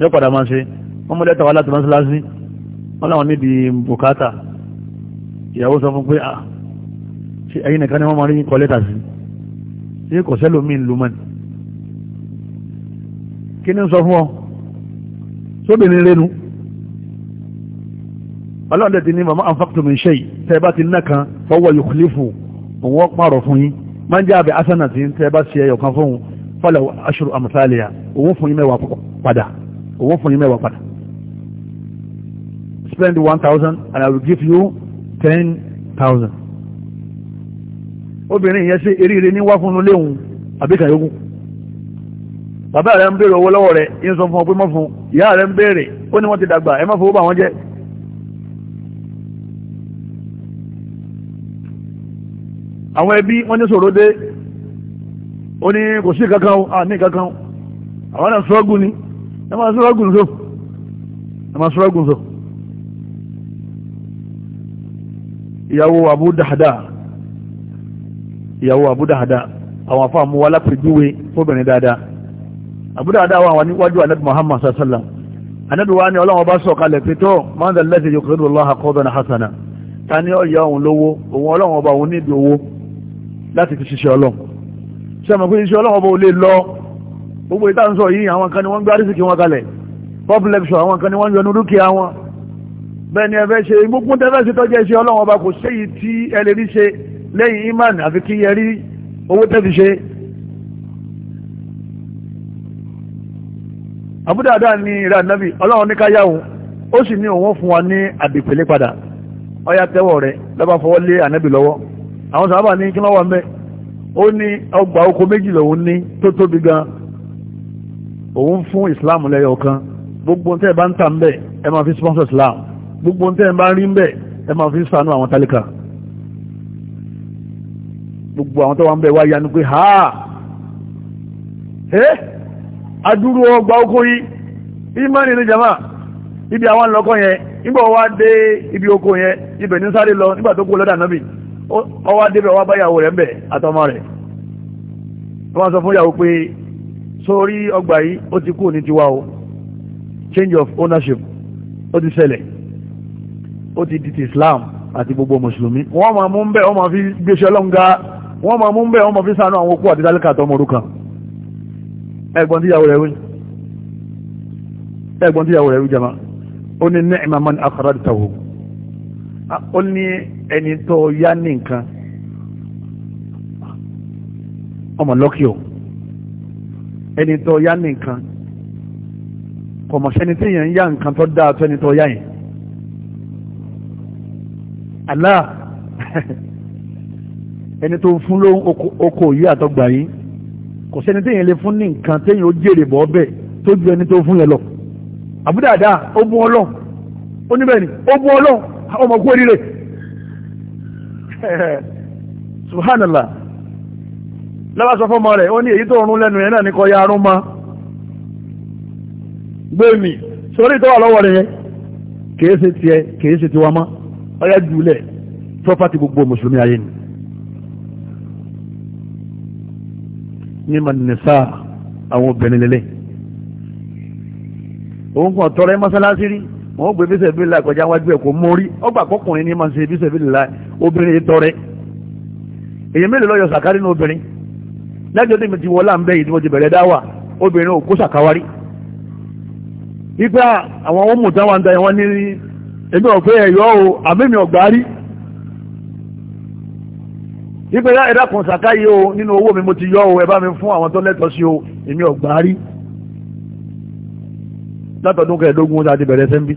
yọ padà máa ṣe wọ́n mú lẹ́tà wá láti mọ́ṣáláṣí wọ́n láwọn níbi bùkátà ìyàwó sọ fún pé à ah, ṣe ẹ̀yin nìkan ni wọ́n máa rí kọ́ lẹ́tà sí ṣé kò sẹ́lómi ń lu mọ́ni kí ni ń sọ fún ọ sóbìnrin lẹ́nu ọlọ́run dẹ̀dẹ̀ ní mama anfaqtum min shay tẹ́ bá ti nákan fọwọ́ yukhlifu òun pààrọ̀ fún yín máa ń jẹ́ àbẹ̀ asánà tí tẹ́ bá ṣe ẹyọ kan fóun fọlẹ̀ aṣọ àmàtàlẹ́yà òun fún yín mẹ́wàá padà òun fún yín mẹ́wàá padà spend one thousand and I will give you ten thousand obìnrin yẹn ṣe eríire ní wá fún un léhun àbíkà yógún bàbá rẹ̀ ń béèrè owó lọ́wọ́ rẹ̀ yín àwọn ẹbí wọ́n ní sọ̀rọ̀ dé ó ní kò sí kankan à ní kankan àwọn náà sọ́gùn ni ẹ máa sọ́gùn so ẹ máa sọ́gùn so ìyàwó Abu Dahda ìyàwó Abu Dahda àwọn afọ àmúwa lápẹjúwe fóbìnrin dáadáa Abu Dahda wà níwájú anabi Muhammad sallallahu anabi wa ni ọlọ́wọ́ bá sọ̀kalẹ̀ pé tó man dhal ladhi yuqridu Allaha qardan hasana ta ni ó òun lówó òun ọlọ́wọ́ bá òun níbi owó láti fi ṣiṣẹ́ ọlọ́run ṣe mọ̀ pé iṣẹ́ ọlọ́run ọba ò lè lọ gbogbo ìta ń sọ yìí àwọn kan ni wọ́n ń gbé àrísìkì wọn kalẹ̀ pop lecture àwọn kan ni wọ́n yọnu dúkìá wọn bẹ́ẹ̀ ni ẹfẹ́ ṣe gbogbo tẹ́fẹ́ sí tọ́jú iṣẹ́ ọlọ́run ọba kò séyìí tí ẹ lè rí ṣe lẹ́yìn iman àfi kí ẹ rí owó tẹ́ ṣe àbúdàdà ni ìrà nàbì ọlọ́run ní káyàwó ó sì ní òun fún wa ní àdìpẹ̀lẹ́ padà ọyá àwọn sábà ní kí wọ́n wà mẹ́ ó ní ọgbà oko méjì lòun ní tó tóbi gan òun fún islam lẹ́yọ kan gbogbo tẹ́ ẹ bá ń tà ń bẹ̀ ẹ máa fi sponsor islam gbogbo tẹ́ ẹ bá ń rí ń bẹ̀ ẹ máa fi ṣàánú àwọn tálíkà gbogbo àwọn tó wà ń bẹ̀ wá yanu pé ha ẹ́ adúrú ọgbà oko yìí ìmọ̀ni ní jama ibi àwọn lọ́kọ̀ yẹn nígbà wá dé ibi oko yẹn ibẹ̀ ní sáré lọ nígbà tó kú lọ́dà náà bì ọwá débẹ̀ wá báyàwó rẹ̀ mẹ́ àtọmọ rẹ̀ wọ́n sọ fún yàwó pé sórí ọgbà yìí ó ti kú ní tiwa o change of ownership ó ti ṣẹlẹ̀ ó ti di Islam àti gbogbo mùsùlùmí wọ́n máa mú ń bẹ́ wọ́n máa fi gbéṣẹ́ lọ́nga wọ́n máa mú ń bẹ́ wọ́n máa fi sànú àwọn okú àti dálíkà àtọmọ òrukàn ẹgbọ́n tíyàwó rẹ̀ wí jama ó ní ni'ma man akhrajtahu Ah, ó ní ẹni tó yá ní nǹkan ọmọ lọ́kì o ẹni tó yá ní nǹkan kọ̀mọ̀ṣẹ́ni tí yẹn ń yá nǹkan tó dáa tó ẹni tó yá yẹn Allah ẹni tó fún ló oko yìí àtọ́gbà yín kò sẹ́ni téèyàn lè fún ní nǹkan téèyàn ó jèrè bọ́ bẹ́ẹ̀ tó ju ẹni tó fún yẹn lọ àbúdàdà ó bú ọlọ́run ó níbẹ̀ ni ó bú ọlọ́run ọmọ kú oríire subhanallah lọ́wọ́ sọ fọ́mọ rẹ̀ ó ní èyí tó rún lẹ́nu yẹn náà ní kọ́ ya arún ma gbé mi sórí tó wà lọ́wọ́ rẹ̀ yẹn kìí ṣe tiẹ̀ kìí ti tiwa mọ́ ọyá jùlẹ̀ property gbogbo mùsùlùmí ayé ni ní manisa àwọn obìnrin lélẹ̀ òun kàn tọrẹ mọ́sálásí rí wọ́n gbé bísẹ̀ bílá kọjá wájú ẹ̀ kò mórí ọgbà kọkùnrin ní ma ṣe bísẹ̀ bílá obìnrin tọrẹ èyí mélòó lọ́yọ̀ sàkárì ní obìnrin lẹ́jọ́ tí mi ti wọlá ń bẹ́ yìí tí mo ti bẹ̀rẹ̀ dáwà obìnrin ò kó sàkáwárí ipa àwọn ọmọ tán wà ń da wọn ní èmi ọ̀fẹ́ ẹ̀yọ́ o àmẹ́mi ọ̀gbárí ipa ẹ̀dá kan sàkáyé o nínú owó mi mo ti yọ o ẹ bá mi fún àwọn tó lẹ́tọ̀ọ́ sí o èmi ọ̀gbárí látọ̀dún kẹẹ̀ẹ́dógún tá ti bẹ̀rẹ̀ sẹ́ńbí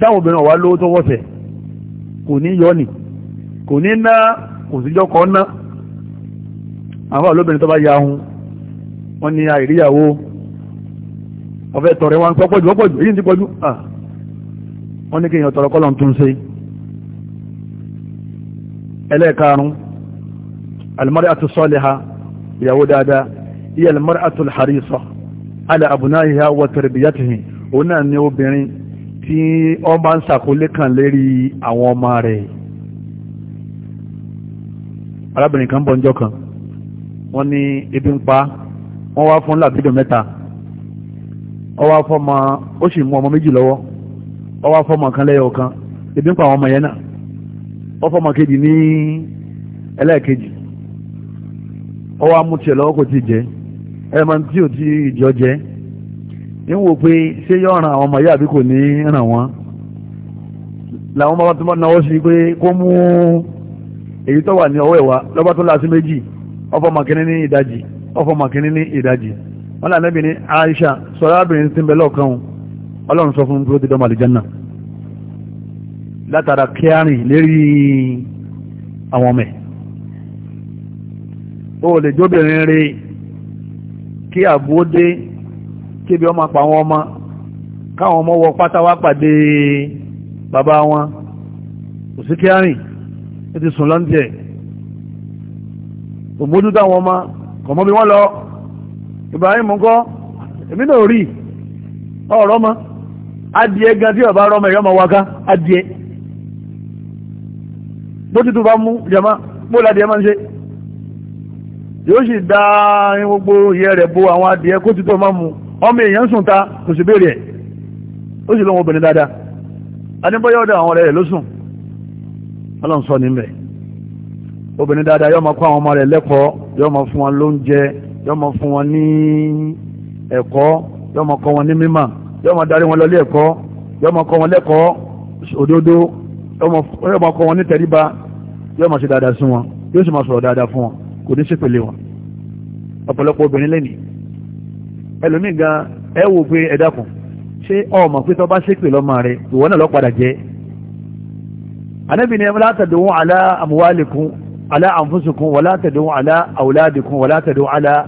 táwọn obìnrin ọ̀wá lówó tó wọ́sẹ̀ kò ní yọ nì kò ní ná kò síjọ́ kọ́ ná àwọn olóbìnrin tó bá ya ahun wọ́n ní àìríyàwó ọ̀fẹ́ tọrẹ wọn pọ́ pọ̀jù pọ̀jù èyí ti pọ̀jù wọ́n ní kí èèyàn tọrọ kọ́lọ̀ tún ṣe ẹlẹ́ẹ̀karùn almar'atu saliha ìyàwó dáadáa iya almar'atu alharisa ala abunayiha wa tarbiyatihi òun náà ni obìnrin tí ọ bá ń sàkólé kan lérí àwọn ọmọ rẹ̀ arábìnrin kan bọ̀ ọjọ́ kan wọ́n ní ebi ń pa wọ́n wá fún làbídò mẹ́ta ọ wá fọ́mọ ó sì mú ọmọ méjì lọ́wọ́ ọ wá fọ́mọ kan lẹ́yọ kan ebi ń pa àwọn ọmọ yẹn náà ọ fọ́mọ kejì ní ẹlẹ́ẹ̀kejì ọ wá mú tiẹ̀ lọ́wọ́ kò tí ì jẹ́ ẹ̀ máa ń tí ò tí ì jọ jẹ́ ń wò pé ṣé yọ ràn àwọn ọmọ yìí àbí kò ní ràn wọ́n làwọn bá tó náwó sí pé kó mú èyí tó wà ní ọwọ́ ẹ̀wà lọ́bá tó láti méjì ọfọ́ màkínní ní ìdajì ọfọ́ màkínní ní ìdajì wọ́n lànà bí ní Aisha sọ̀rọ̀ abìnrin tí ń bẹ lọ́ọ̀kan ọlọ́run sọ fún tó ti dọ́mà àlìjánà látara kíárìn lérí àwọn ọmọ ẹ̀ o lè jóbìnrin rí kí àbúó kébi ọmọ pa àwọn ọmọ káwọn ọmọ wọ pátá wá pàdé bàbá wọn kò sí kíárìn ó ti sùn lọ́ńtẹ̀ òmójú táwọn ọmọ kò mọ́ bí wọ́n lọ Ibrahim ńkọ́ èmi náà rí ọ̀rọ̀ mọ́ adìẹ gan tí bàbá rọmọ ìyọ́mọ wáká adìẹ bó ti tún bá mú jama bó ládìẹ máa ń ṣe yóò sì dá gbogbo ìyẹ́ rẹ̀ bo àwọn adìẹ kó ti tó máa mú ọmọ èèyàn sùn ta kò sì béèrè ẹ̀ ó sì lọ́wọ́ obìnrin dáadáa adébọ́yọ́ ọ̀dọ̀ àwọn ọ̀rẹ́ rẹ̀ ló sùn ọlọ́run sọ níbẹ̀ obìnrin dáadáa yọ́ máa kọ́ àwọn ọmọ rẹ̀ lẹ́kọ̀ọ́ yọ́ máa fún wọn lóúnjẹ yọ́ máa fún wọn ní ẹ̀kọ́ yọ́ kọ́ wọn ní mímà yọ́ darí wọn lọ ẹ̀kọ́ yọ́ kọ́ wọn lẹ́kọ̀ọ́ ẹlòmíì gan ẹ wò pé ẹ dákun ṣé ọmọ pé tọ́ bá ṣépè lọ́mọ rẹ ìwọ náà lọ padà jẹ́ anabi ni wala tad'u ala amwalikum ala anfusikum wala tad'u ala awladikum wala tad'u ala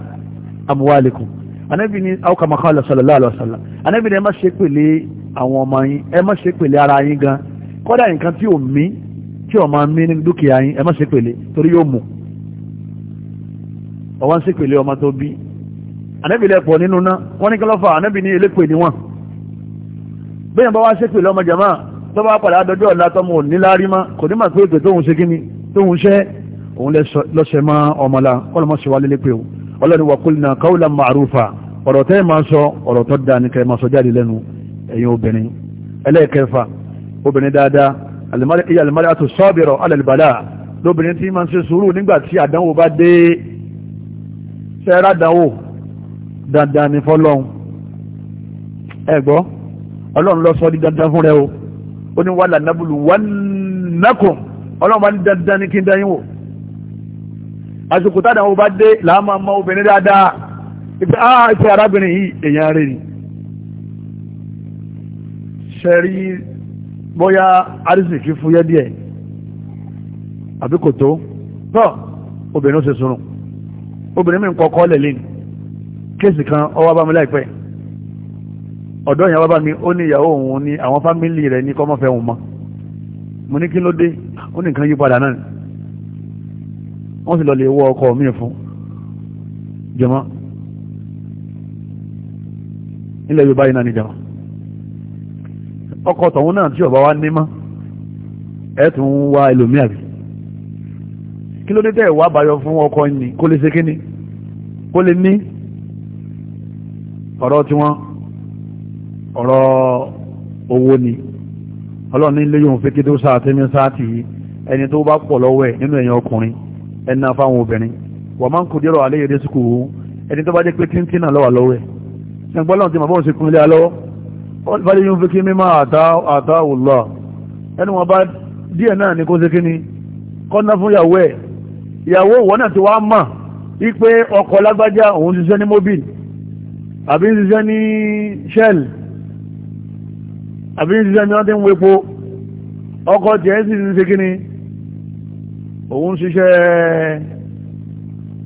amwalikum anabi ni aw kama qala sallallahu alaihi wasallam anabi ni ẹ má ṣépè lé àwọn ọmọ yín ẹ má ṣépè lé ara yín gan kódà nǹkan tí ò mí tí ò máa mí ní dúkìá yín ẹ má ṣépè lé torí yóò mú ọwọ́n ṣépè lé ọmọ tó bí ànábì lẹ́pọ̀ nínú ná wọ́n ní kọlọ́fà ànábì ní elépè ní wọ́n bẹ́ẹ̀ bá wá ṣépè lọ́mọ jàmá tó bá padà adọ́jọ́ ọ̀la tọmọ níláárí má kò ní mà pé ètò tóun ṣe kíni tóun ṣẹ́ òun lọ́sẹ̀ má ọmọla kọ́lọ́mọ ṣe wá lélépè o ọlọ́ni wà kúlìnà káwùlà màrúfà ọ̀rọ̀ tẹ́ máa sọ ọ̀rọ̀ tó dáa ní kẹ́ máa sọ dandan ni fọ́lọ́hun ẹ̀gbọ́ ọlọ́run lọ sọ di dandan fún rẹ o ó ní wàhálà nábùlù wàhánàkùn ọlọ́run bá ní dandan ní kí n dáyín wò àsìkò tá àdàwọn bá dé làámà mọ obìnrin dáadáa ìpè ah ìpè arábìnrin yìí èèyàn rẹ̀ ni ṣẹ̀rí bóyá arísìkí fúyẹ́ díẹ̀ àbí kò tó tọ́ obìnrin ó ṣe sunrun obìnrin mi ń kọ́kọ́ lẹ̀ lẹ́nu kéèsì kan ọwọ́ bá mi láìpẹ́ ọ̀dọ́ ìyàwó bá mi ó ní ìyàwó òun ní àwọn fámìlì rẹ̀ ní kọ́mọ́fẹ́ òun mọ́ mo ní kí ló dé ó ní nǹkan yí padà náà wọ́n sì lọ lè wọ ọkọ mi fún jọmọ́ nílẹ̀ yorùbá yìí náà níjà ọkọ tọ̀hún náà tí ọba wa ní mọ́ ẹ tún ń wá ẹlòmíà bí kí ló dé tẹ́ ẹ̀ wá àbáyọ fún ọkọ yìí kó lè ṣe kíni kó lè ní ọ̀rọ̀ tí wọ́n ọ̀rọ̀ owó ni ọlọ́run nílé yóò fi kíndó sáà tí mi sáà tì í ẹni tó bá pọ̀ lọ́wọ́ ẹ̀ nínú ẹ̀yàn ọkùnrin ẹni náà fáwọn obìnrin wọ́n máa ń kò dérò alẹ́ yẹ̀dẹ́ sùkú ẹni tó bá jẹ́ pé kíntì náà lọ́wọ́ lọ́wọ́ ẹ̀ ṣùgbọ́n lọ́run ti mọ̀ bọ́ọ̀ sí kun ilé alọ́wọ́ wọ́n fẹ́ yóò fi kí mímọ́ àtàwùlọ́ ẹni wọn bá díẹ̀ náà ni kó ṣe kíni kọ́ná fún ìyàwó ẹ̀ ìyàwó ìwọ náà ti wá mọ̀ wípé ọkọ lágbájá òun ṣiṣẹ́ ní mobile àbí ń ṣiṣẹ́ ní shell àbí ń ṣiṣẹ́ ní ọdún wepo ọkọ̀ tí ẹ́ sì ń ṣe kíni òun ṣiṣẹ́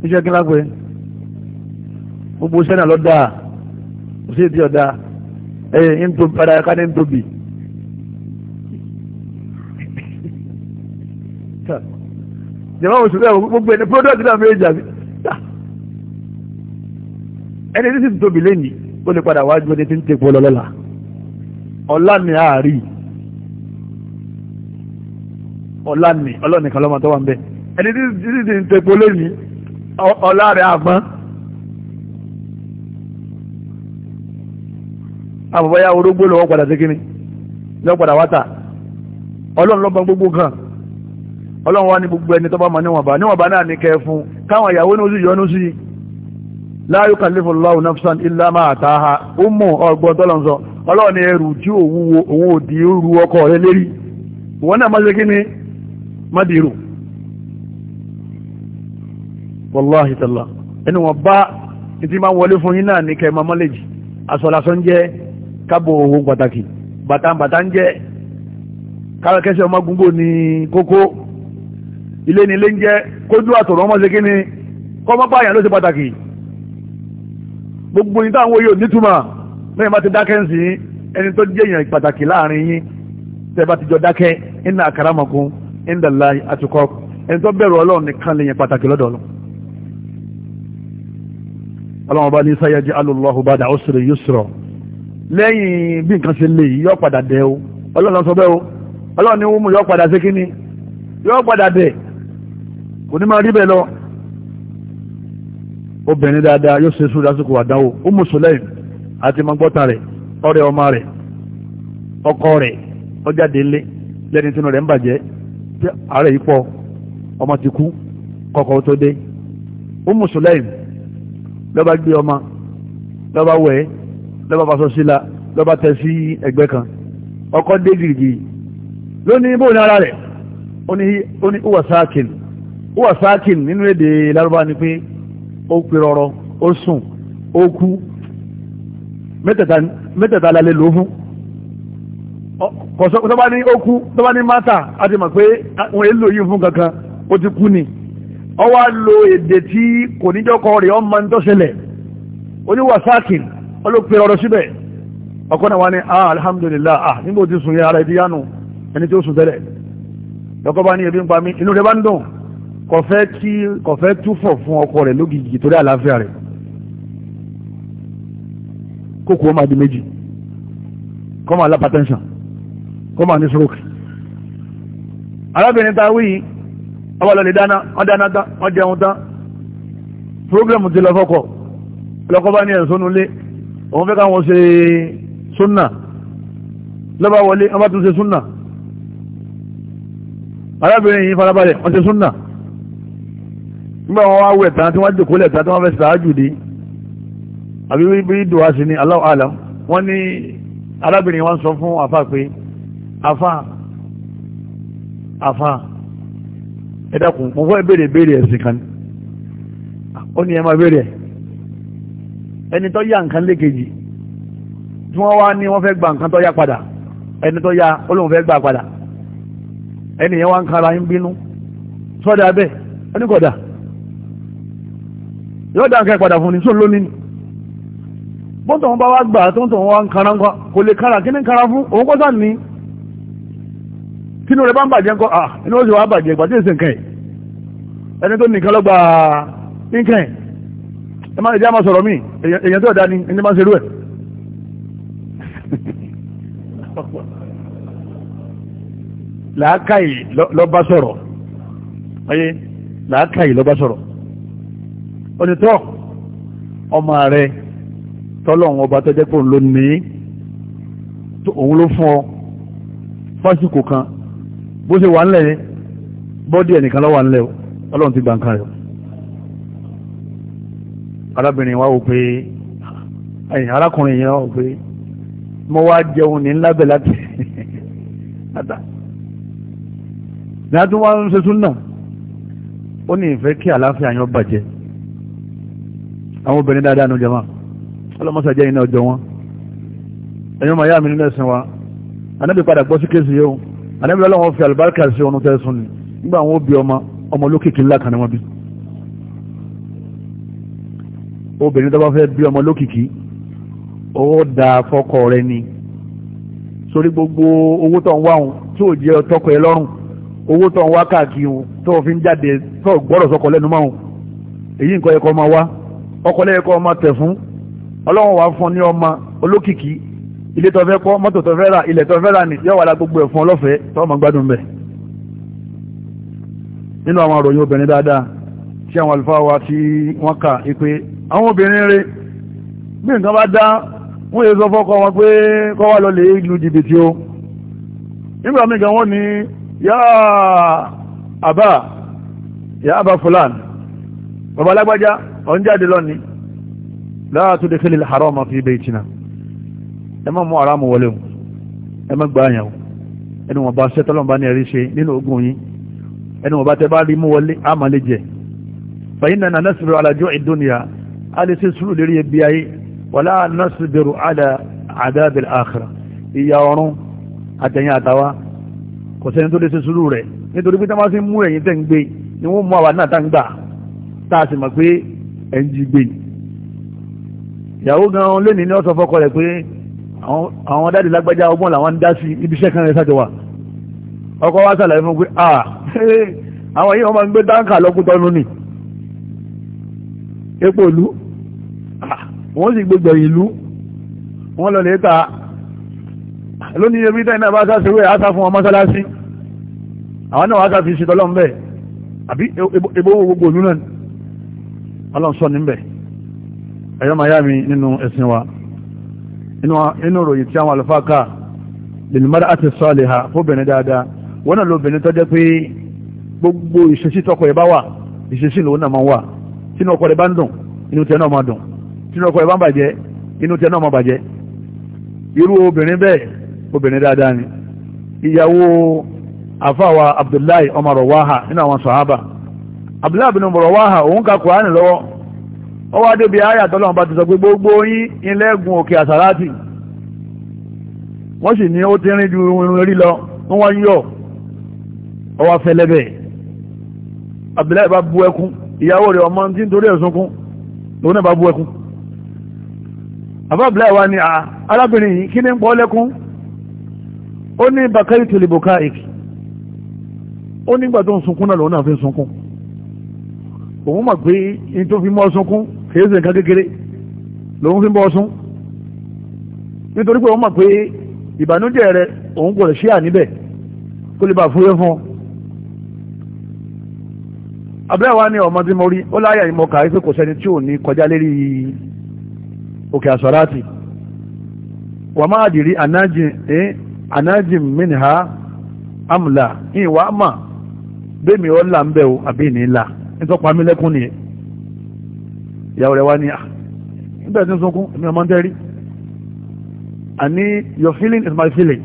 iṣẹ́ kí lápẹ́ gbogbo sẹ́nà lọ́dà kò sí èdè ọ̀dà ẹ̀yẹ padà ká ní tóbi jẹ́wọ́n oṣù rẹ̀ gbogbo ẹni product náà méjì àbí ẹni tí sì ń tóbi lẹ́nìí ó lè padà wájú ẹni tí ń tepo lọ́lọ́la ọ̀la ni àárí ọ̀la ni ọlọ́nìkan lọ́mọ tó wà ń bẹ ẹni tí sì ń tepo lẹ́nìí ọ̀la rẹ̀ àgbọ́n àbọ̀bọ̀yá orógbó lọ́wọ́ padà sí kíni lọ́wọ́ padà wátà ọlọ́run lọ́ba gbogbo kan ọlọ́run wá ní gbogbo ẹni tó bá ma níwọ̀nba níwọ̀nba náà ní kẹ́ fún káwọn ìyàwó ní oṣù yọ ní oṣù yìí la yukallifu Allah nafsan illa ma ataha ummu ogbo dolonzo olorun ni eru ti owuwo owo di ru oko re leri won na ma se kini ma diru wallahi talla enu wa ba ti ma wole fun yin ni ke ma maleji aso nje ka bo pataki bata bata nje ka ke se gungo ni koko ile ni le nje koju atoro ma se kini ko pataki gbogbo yìí táwọn yóò nítumọ̀ lẹ́yìn bá ti dákẹ́ ń sìn ẹni tó jẹ́ èèyàn pàtàkì láàrin yín tẹ́ bá ti jọ dákẹ́ ẹni tó bẹ̀rù ọlọ́run nìkan lè yẹn pàtàkì lọ́dọ̀ ọlọ́run ọlọ́run ọba ní sayaj'alu o ọlọ́run sọ bẹ́ẹ̀ o ọlọ́run wọ́n mú yọ padà obìnrin dáadáa yóò ṣe sùúrù lásìkò àdánwò Ummu Sulaim àti magbọ́ta rẹ̀ ọ̀rẹ́ ọmọ rẹ̀ ọkọ rẹ̀ ọjáde ńlẹ̀ lẹ́ni tí inú rẹ̀ ń bàjẹ́ tí ààrẹ yìí pọ̀ ọmọ ti kú kọ́kọ́ tó dé Ummu Sulaim lọ́ba gbé ọmọ lọ́ba wẹ̀ lọ́ba faṣọ síla lọ́ba tẹ sí ẹgbẹ́ kan ọkọ dé gìrìgìrì lónìí bóun ara rẹ̀ ó ní ó wà sáàkìn ó wà sáàkìn nínú èdè lárúbá ni pé ó pirọrọ ó sùn ó kú mẹ́tẹ̀ẹ̀ta la lè lò fún bá ní ó tó bá ní ti mọ̀ pé òun èlò yìí ti ni ọ wá ń tọ́sẹ̀lẹ̀ oníwàsákìn olópin ọ̀rọ̀ síbẹ̀ ọkọ́ náà ní ah alhamdulillah ah nígbò tí sùn ara ẹni tí ó sùn bá ní ebi ń pa mí inú kọfẹ́ tí kọfẹ́ túfọ̀ fún ọkọ rẹ̀ lógìjì torí àlàáfíà rẹ̀ kókò ó máa di méjì kọ́mọ alápatẹ́ńsàn kọ́mọ ní sọ́rọ́kì arábìnrin ta wí ọwọ́ lọ lè dáná wọ́n dáná tán wọ́n jẹun tán prógrámù ti lọ fọ́kọ̀ lọ́kọ́ bá ní ẹ̀sọ́ nulé òun fẹ́ káwọn ṣe súnà lọ́bàá wọlé wọ́n bá tún ṣe súnà arábìnrin yìí farabalẹ̀ wọ́n ṣe súnà nígbà wọn wá wẹ̀ tán tí wọ́n jòkó lẹ̀ tán tí wọ́n fẹ́ sàájù dé àbí bí dùwà sí ni Allahu alam wọ́n ní arábìnrin wọn sọ fún àfà pé àfà àfà ẹ dákun mo fẹ́ béèrè béèrè ẹ̀sìn kan ó ní ẹ máa béèrè ẹni tó yá nǹkan lékejì tí wọ́n wá ní wọ́n fẹ́ gba nǹkan tó yá padà ẹni tó yá olóhùn fẹ́ gbà padà ẹni yẹn wá ń kára ń bínú sọ́dà bẹ́ẹ̀ oníkọ̀dà yóò dá nǹkan padà fún ni tó lónìí ni bọ́tọ̀ wọn bá wá gbà tó ń tọ̀ wọn kára ńkọ kò lè kára kí ní kára fún òun kọ́ sá ní kínú rẹ̀ bá ń bàjẹ́ ńkọ́ à inú ó sì wá bàjẹ́ ìgbà tí èsì nǹkan ẹ̀ ẹni tó nìkan lọ́gbà nǹkan ẹ̀ ẹ má lè jẹ́ àmà sọ̀rọ̀ mí èèyàn tó ọ̀dá ni ẹni máa ń serú ẹ̀ làákàyè lọ́ba sọ̀rọ̀ sọ̀rọ̀ onítọ́ ọmọ rẹ tọ́lọ́run ọba tó jẹ́ pé òun ló ní òun ló fún ọ fásitì kan bó ṣe wà ńlẹ̀ yẹn bọ́dí ẹnìkan lọ́wọ́ ńlẹ̀ o ọlọ́run ti gbà ń kan rẹ̀ arábìnrin wa wò pé ẹ̀yìn arákùnrin yẹn wò pé mo wá jẹun ní lábẹ́ láti àtà ní a tún wá ń ṣe súnà ó ní ìfẹ́ kí àlàáfíà yẹn bàjẹ́ àwọn obìnrin dáadáa nù jama ọlọ́mọ́sá jẹ́ iná ọjọ́ wọn ẹ̀yọ́ ma yá mi nílẹ̀ sin wa anábì padà gbọ́ sí kéèsì yóò anábì lọ́wọ́ fi àlùbáríkà sí ọ̀nà tẹ́sùn ni nígbà àwọn obì ọmọ ọmọ olókìkí ńlá kan ni wọ́n bí obìnrin tó bá fẹ́ bí ọmọ olókìkí ó da fọ́kọ rẹ ni sórí gbogbo owó tó ń wá òun tí ò jẹ́ tọkọ ẹ lọ́rùn owó tó ń wá káàkiri òun tó fi ń jáde tó gbọ́dọ̀ sọkọ lẹ́nu máa òun èyí nǹkan ẹ̀kọ́ máa wá ọkọ lẹ́yẹ̀kọ́ ọmọ tẹ̀ fún ọlọ́run wà fún ní ọmọ olókìkí ilé tó fẹ́ kọ́ mọ́tò tó fẹ́ rà ilẹ̀ tó fẹ́ rà ní yọ̀wà la gbogbo ẹ̀ fún ọlọ́fẹ́ tó ọmọ gbádùn bẹ̀ nínú àwọn àròyìn obìnrin dáadáa tí àwọn àlùfáà wa tí wọ́n kà í pé àwọn obìnrin rẹ̀ bí nǹkan bá dá wọ́n yẹ sọ fọ́kọ wọn pé kọ́ wá lọ lè lu jìbìtì o nígbà míì gan wọ́n ní yá àbá yá àbá fúlàn bàbá alágbájá ọ̀n jáde lónìí la tudkhilil harama fi baytina ẹ má mú haramu wọlé o ẹ má gba àyàn o ẹni wọn bá ṣẹ́tọ́lọ́n bá ní ẹ̀rí ṣe nínú ogun yín ẹni wọn bá tẹ bá rí mú wọlé á má lè jẹ fẹ̀yìn nana nasibiru ala ju'i dunya a lè ṣe sùúrù lérí ebi ayé wala ni wọ́n mú àwa náà tá ń gbà tá a sì mọ̀ pé ẹ̀ ń jí gbé ìyàwó gan-an lẹ́ni ní ọ̀sán fọ́kọ rẹ̀ pé àwọn dáàdì lágbájá ọgbọ́n làwọn ń dá sí ibiṣẹ́ kan rẹ̀ sájọ wà ọkọ sàlàyé fún pé ah àwọn yìí wọ́n máa ń gbé dáńkà lọ́kútọ́ lónìí epo ìlú wọ́n sì gbogbo ìlú wọ́n lọ lè ta lónìí ebi tẹ́ iná bá sá sí wé àṣà fún wọn mọ́sálásí àwọn náà wá sá fi ṣètọ́lọ́ mbẹ́ àbí ebo gbogbo ìlú náà ọlọ́run sọ níbẹ̀ ẹ̀yọ́ miami nínú ẹ̀sìn wa inú ròyìn tí àwọn àlùfáà kà lèlùmọ́dá àti sọ́ọ̀lẹ̀ ha fóbìnrin dáadáa wọ́n náà lóbìnrin tọ́jẹ́ pé gbogbo ìṣesí tọkọ ẹ̀ bá wà ìṣesí lòun náà máa wà tínú ọkọ rẹ̀ bá ń dùn inú náà máa dùn tínú rẹ̀ bá ń bàjẹ́ inú náà máa bàjẹ́ irú obìnrin bẹ́ẹ̀ obìnrin dáadáa ni ìyàwó Abdullahi ọmọ abdullahi bin mọ̀rọ̀wáhà òun ka kùránì lọ́wọ́ ó wá débi ayà tọ́lọ́run bá ti sọ pé gbogbo yín ilẹ́gùn òkè àsàrátì wọ́n sì ní ó ti rìn ju irun rí lọ wọ́n wá ń yọ̀ ó wá fẹ́lẹ́bẹ̀ abdullahi bá bu ẹkún ìyàwó rẹ̀ ọmọ tí ń torí ẹ̀sùn kún lòun náà bá bu ẹkún òun mọ̀ pé in tó fi mọ́ sunkún kìí ṣe nǹkan kékeré lòun fi mọ́ sun nítorí pé òun mọ̀ pé rẹ òun kò rẹ̀ ṣí à kó lè bá fúyẹ́ fún wa ni ọmọ tí mo rí ó láyà ìmọ̀ pé kò sẹ́ni tí ò ní kọjá lérí òkè àsọ̀ráàtì wà máa dìrí anájì eh, mìnìhà amla ìwà mà mi là o àbí nítorí pa mí lẹ́kún nìyẹn ìyàwó rẹ̀ wá ní à ah, nígbà tí ń sunkún èmi ọmọ ń tẹ́rí àní your feeling is my feeling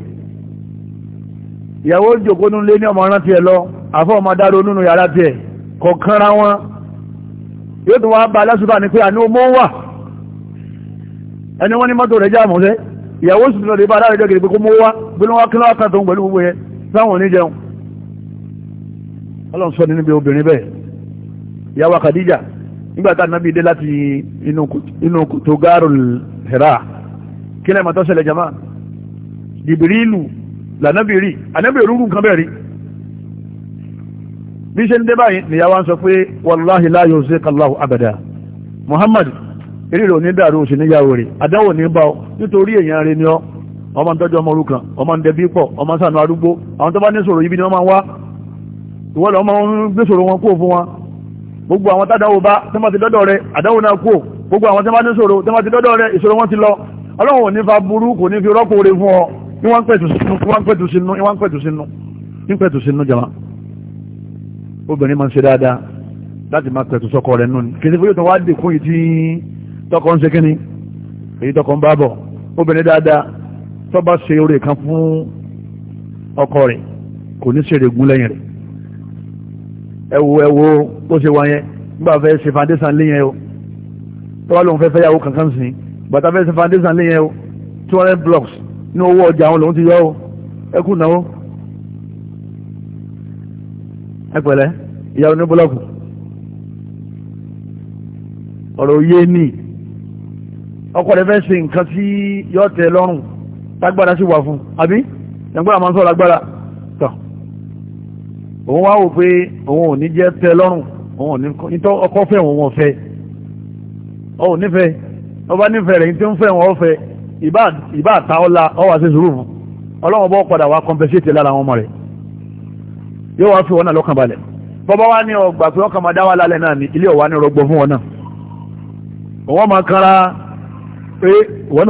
ìyàwó jòkó nínú lé ní ọmọ rántí ẹ lọ àfọ́ ọmọ dáró nínú yàrá tiẹ̀ kọ̀ọ̀kanra wọn yóò tún wá bá aláṣùbà ní pé àní ó mọ́ wà ẹni wọ́n ní mọ́tò rẹ̀ jáàmù rẹ̀ ìyàwó sì lọ débà aláàrẹ̀ jọ́gẹ̀rẹ̀ pé kó mọ́ wá gbóná wá kílọ́ àkàtọ̀ pẹ̀lú gbogbo yẹn sáwọn oníjẹun ọlọ́run sọ ní níbi obìnrin bẹ́ẹ̀ yawa Khadija nígbàtà nàbí dé láti inú kòtò gáàrùn Hira kí lẹ́mà tó ṣẹlẹ̀ jama Jibrilu lànàbí rí ànàbí òrùrù nǹkan bẹ́ẹ̀ bí ṣe ń dé báyìí nìyàwó ń sọ pé wàláhì la yuzika Allahu abada Muhammad eré rẹ̀ onídàárò òsì níyàwó rẹ̀ àdáwò ní bá ọ nítorí èèyàn rẹ̀ ni ọ ọmọ ń tọ́jú ọmọ orúkan ọmọ ń dẹbí pọ̀ ọmọ sànú arúgbó àwọn tó bá ní ibi ni wọ́n máa ń wá gbogbo àwọn tádàwò bá tí wọ́n ti dọ́dọ̀ rẹ̀ àdáwò náà kú gbogbo àwọn tí wọ́n ti ṣòro tí wọ́n ti dọ́dọ̀ rẹ̀ ìṣòro wọn ti lọ ọlọ́run ò ní fa burú kò ní fi rọ́pò rẹ̀ fún ọ ní wọ́n pẹ̀tù sínú ní wọ́n pẹ̀tù sínú ní wọ́n pẹ̀tù sínú ní pẹ̀tù sínú jama obìnrin máa ń ṣe dáadáa láti máa pẹ̀tù ẹwọ ẹwọ bó ṣe wáyẹn nígbà fẹ́ ṣe foundation lé yẹn o tọ́wọ́ lòun fẹ́ fẹ́yàwó kankan sí bàtà fẹ́ ṣe foundation lé yẹn o two hundred blocks ní owó ọjà àwọn lòun ti yọ o ẹ kú o, ẹ pẹ̀lẹ́ ìyàwó ní búlọ́ọ̀kù ọ̀rọ̀ yé ni ọkọ rẹ fẹ́ ṣe nǹkan tí yọ tẹ́ lọ́rùn tágbára sì wà fún àbí ìyàgbọ́n àmọ́ sọ̀rọ̀ agbára tán òun wá wò pé òun ò ní jẹ́ tẹ́ lọ́rùn òun ò ní nítọ́ ọkọ fẹ́ òun wọn fẹ́ òun nífẹ̀ẹ́ ọba nífẹ̀ẹ́ rẹ̀ tí ń fẹ́ wọn ọ̀fẹ́ ìbá àta ọ̀la ọwà sí sùúrù fún ọlọ́wọ́n bọ́ padà wá compensate lára àwọn ọmọ rẹ̀ yóò wá fi wọn náà lọ́kàn balẹ̀ bọ́bá wá ní ọgbà pé ọkàn máa dá wà lálẹ́ náà ní ilé ọ̀wá ní rọgbọ fún wọn náà òun máa kára pé wọn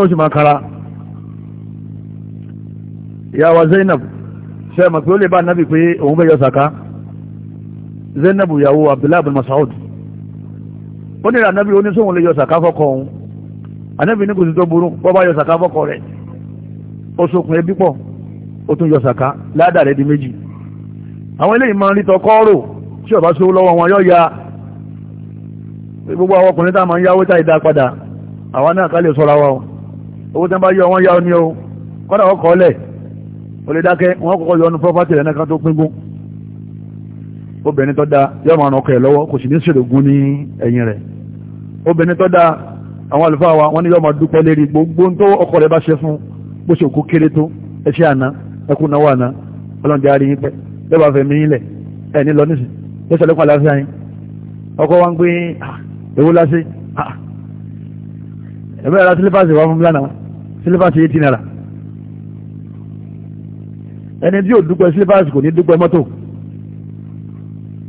ṣe mọ̀ pé ó lè bá nábì pé òun fẹ́ yọ sàká Zainabu yàwó Abdullahi bin Masoud ó nílò ànábì ó ní sóhun lè yọ sàká fọ́kọ òun ànábì ní kò sí tó burú bọ́ bá yọ sàká fọ́kọ rẹ̀ ó sokùn ẹbí pọ̀ ó tún yọ sàká ládàá rẹ̀ di méjì àwọn eléyìí máa ń rí tọkọ́rò tí ọba sówó lọ́wọ́ wọn yọ ya gbogbo àwọn ọkùnrin táwọn máa ń yáwó tá ìdá padà àwọn náà ká lè sọ́ra wa owó tí wọ́n bá yọ wọ́n yá ọ o kọ́dà wọ́n kọ́ lẹ̀ o lè dákẹ́ wọ́n kọ́kọ́ yọ ọ́nù pọ́pátì rẹ̀ nìkan tó pínpín obìnrin tó da yọ máa ràn ọkọ̀ ẹ̀ lọ́wọ́ kò sì ní ṣèrògùn ní ẹ̀yìn rẹ̀ obìnrin tó da àwọn àlùfáà wa wọ́n ní yọ máa dúpẹ́ lérí gbogbo tó ọkọ rẹ̀ bá ṣe fún bó ṣe kó kéré tó ẹṣẹ́ àná ẹkún náwó àná ọlọ́njẹ́ arí yín pẹ́ lẹ́bàá fẹ́ mi ilẹ̀ ẹ̀ ní lọ nísìn ó ṣẹlẹ̀ ẹni tí yóò dúpẹ́ sílífàsì kò ní dúpẹ́ mọ́tò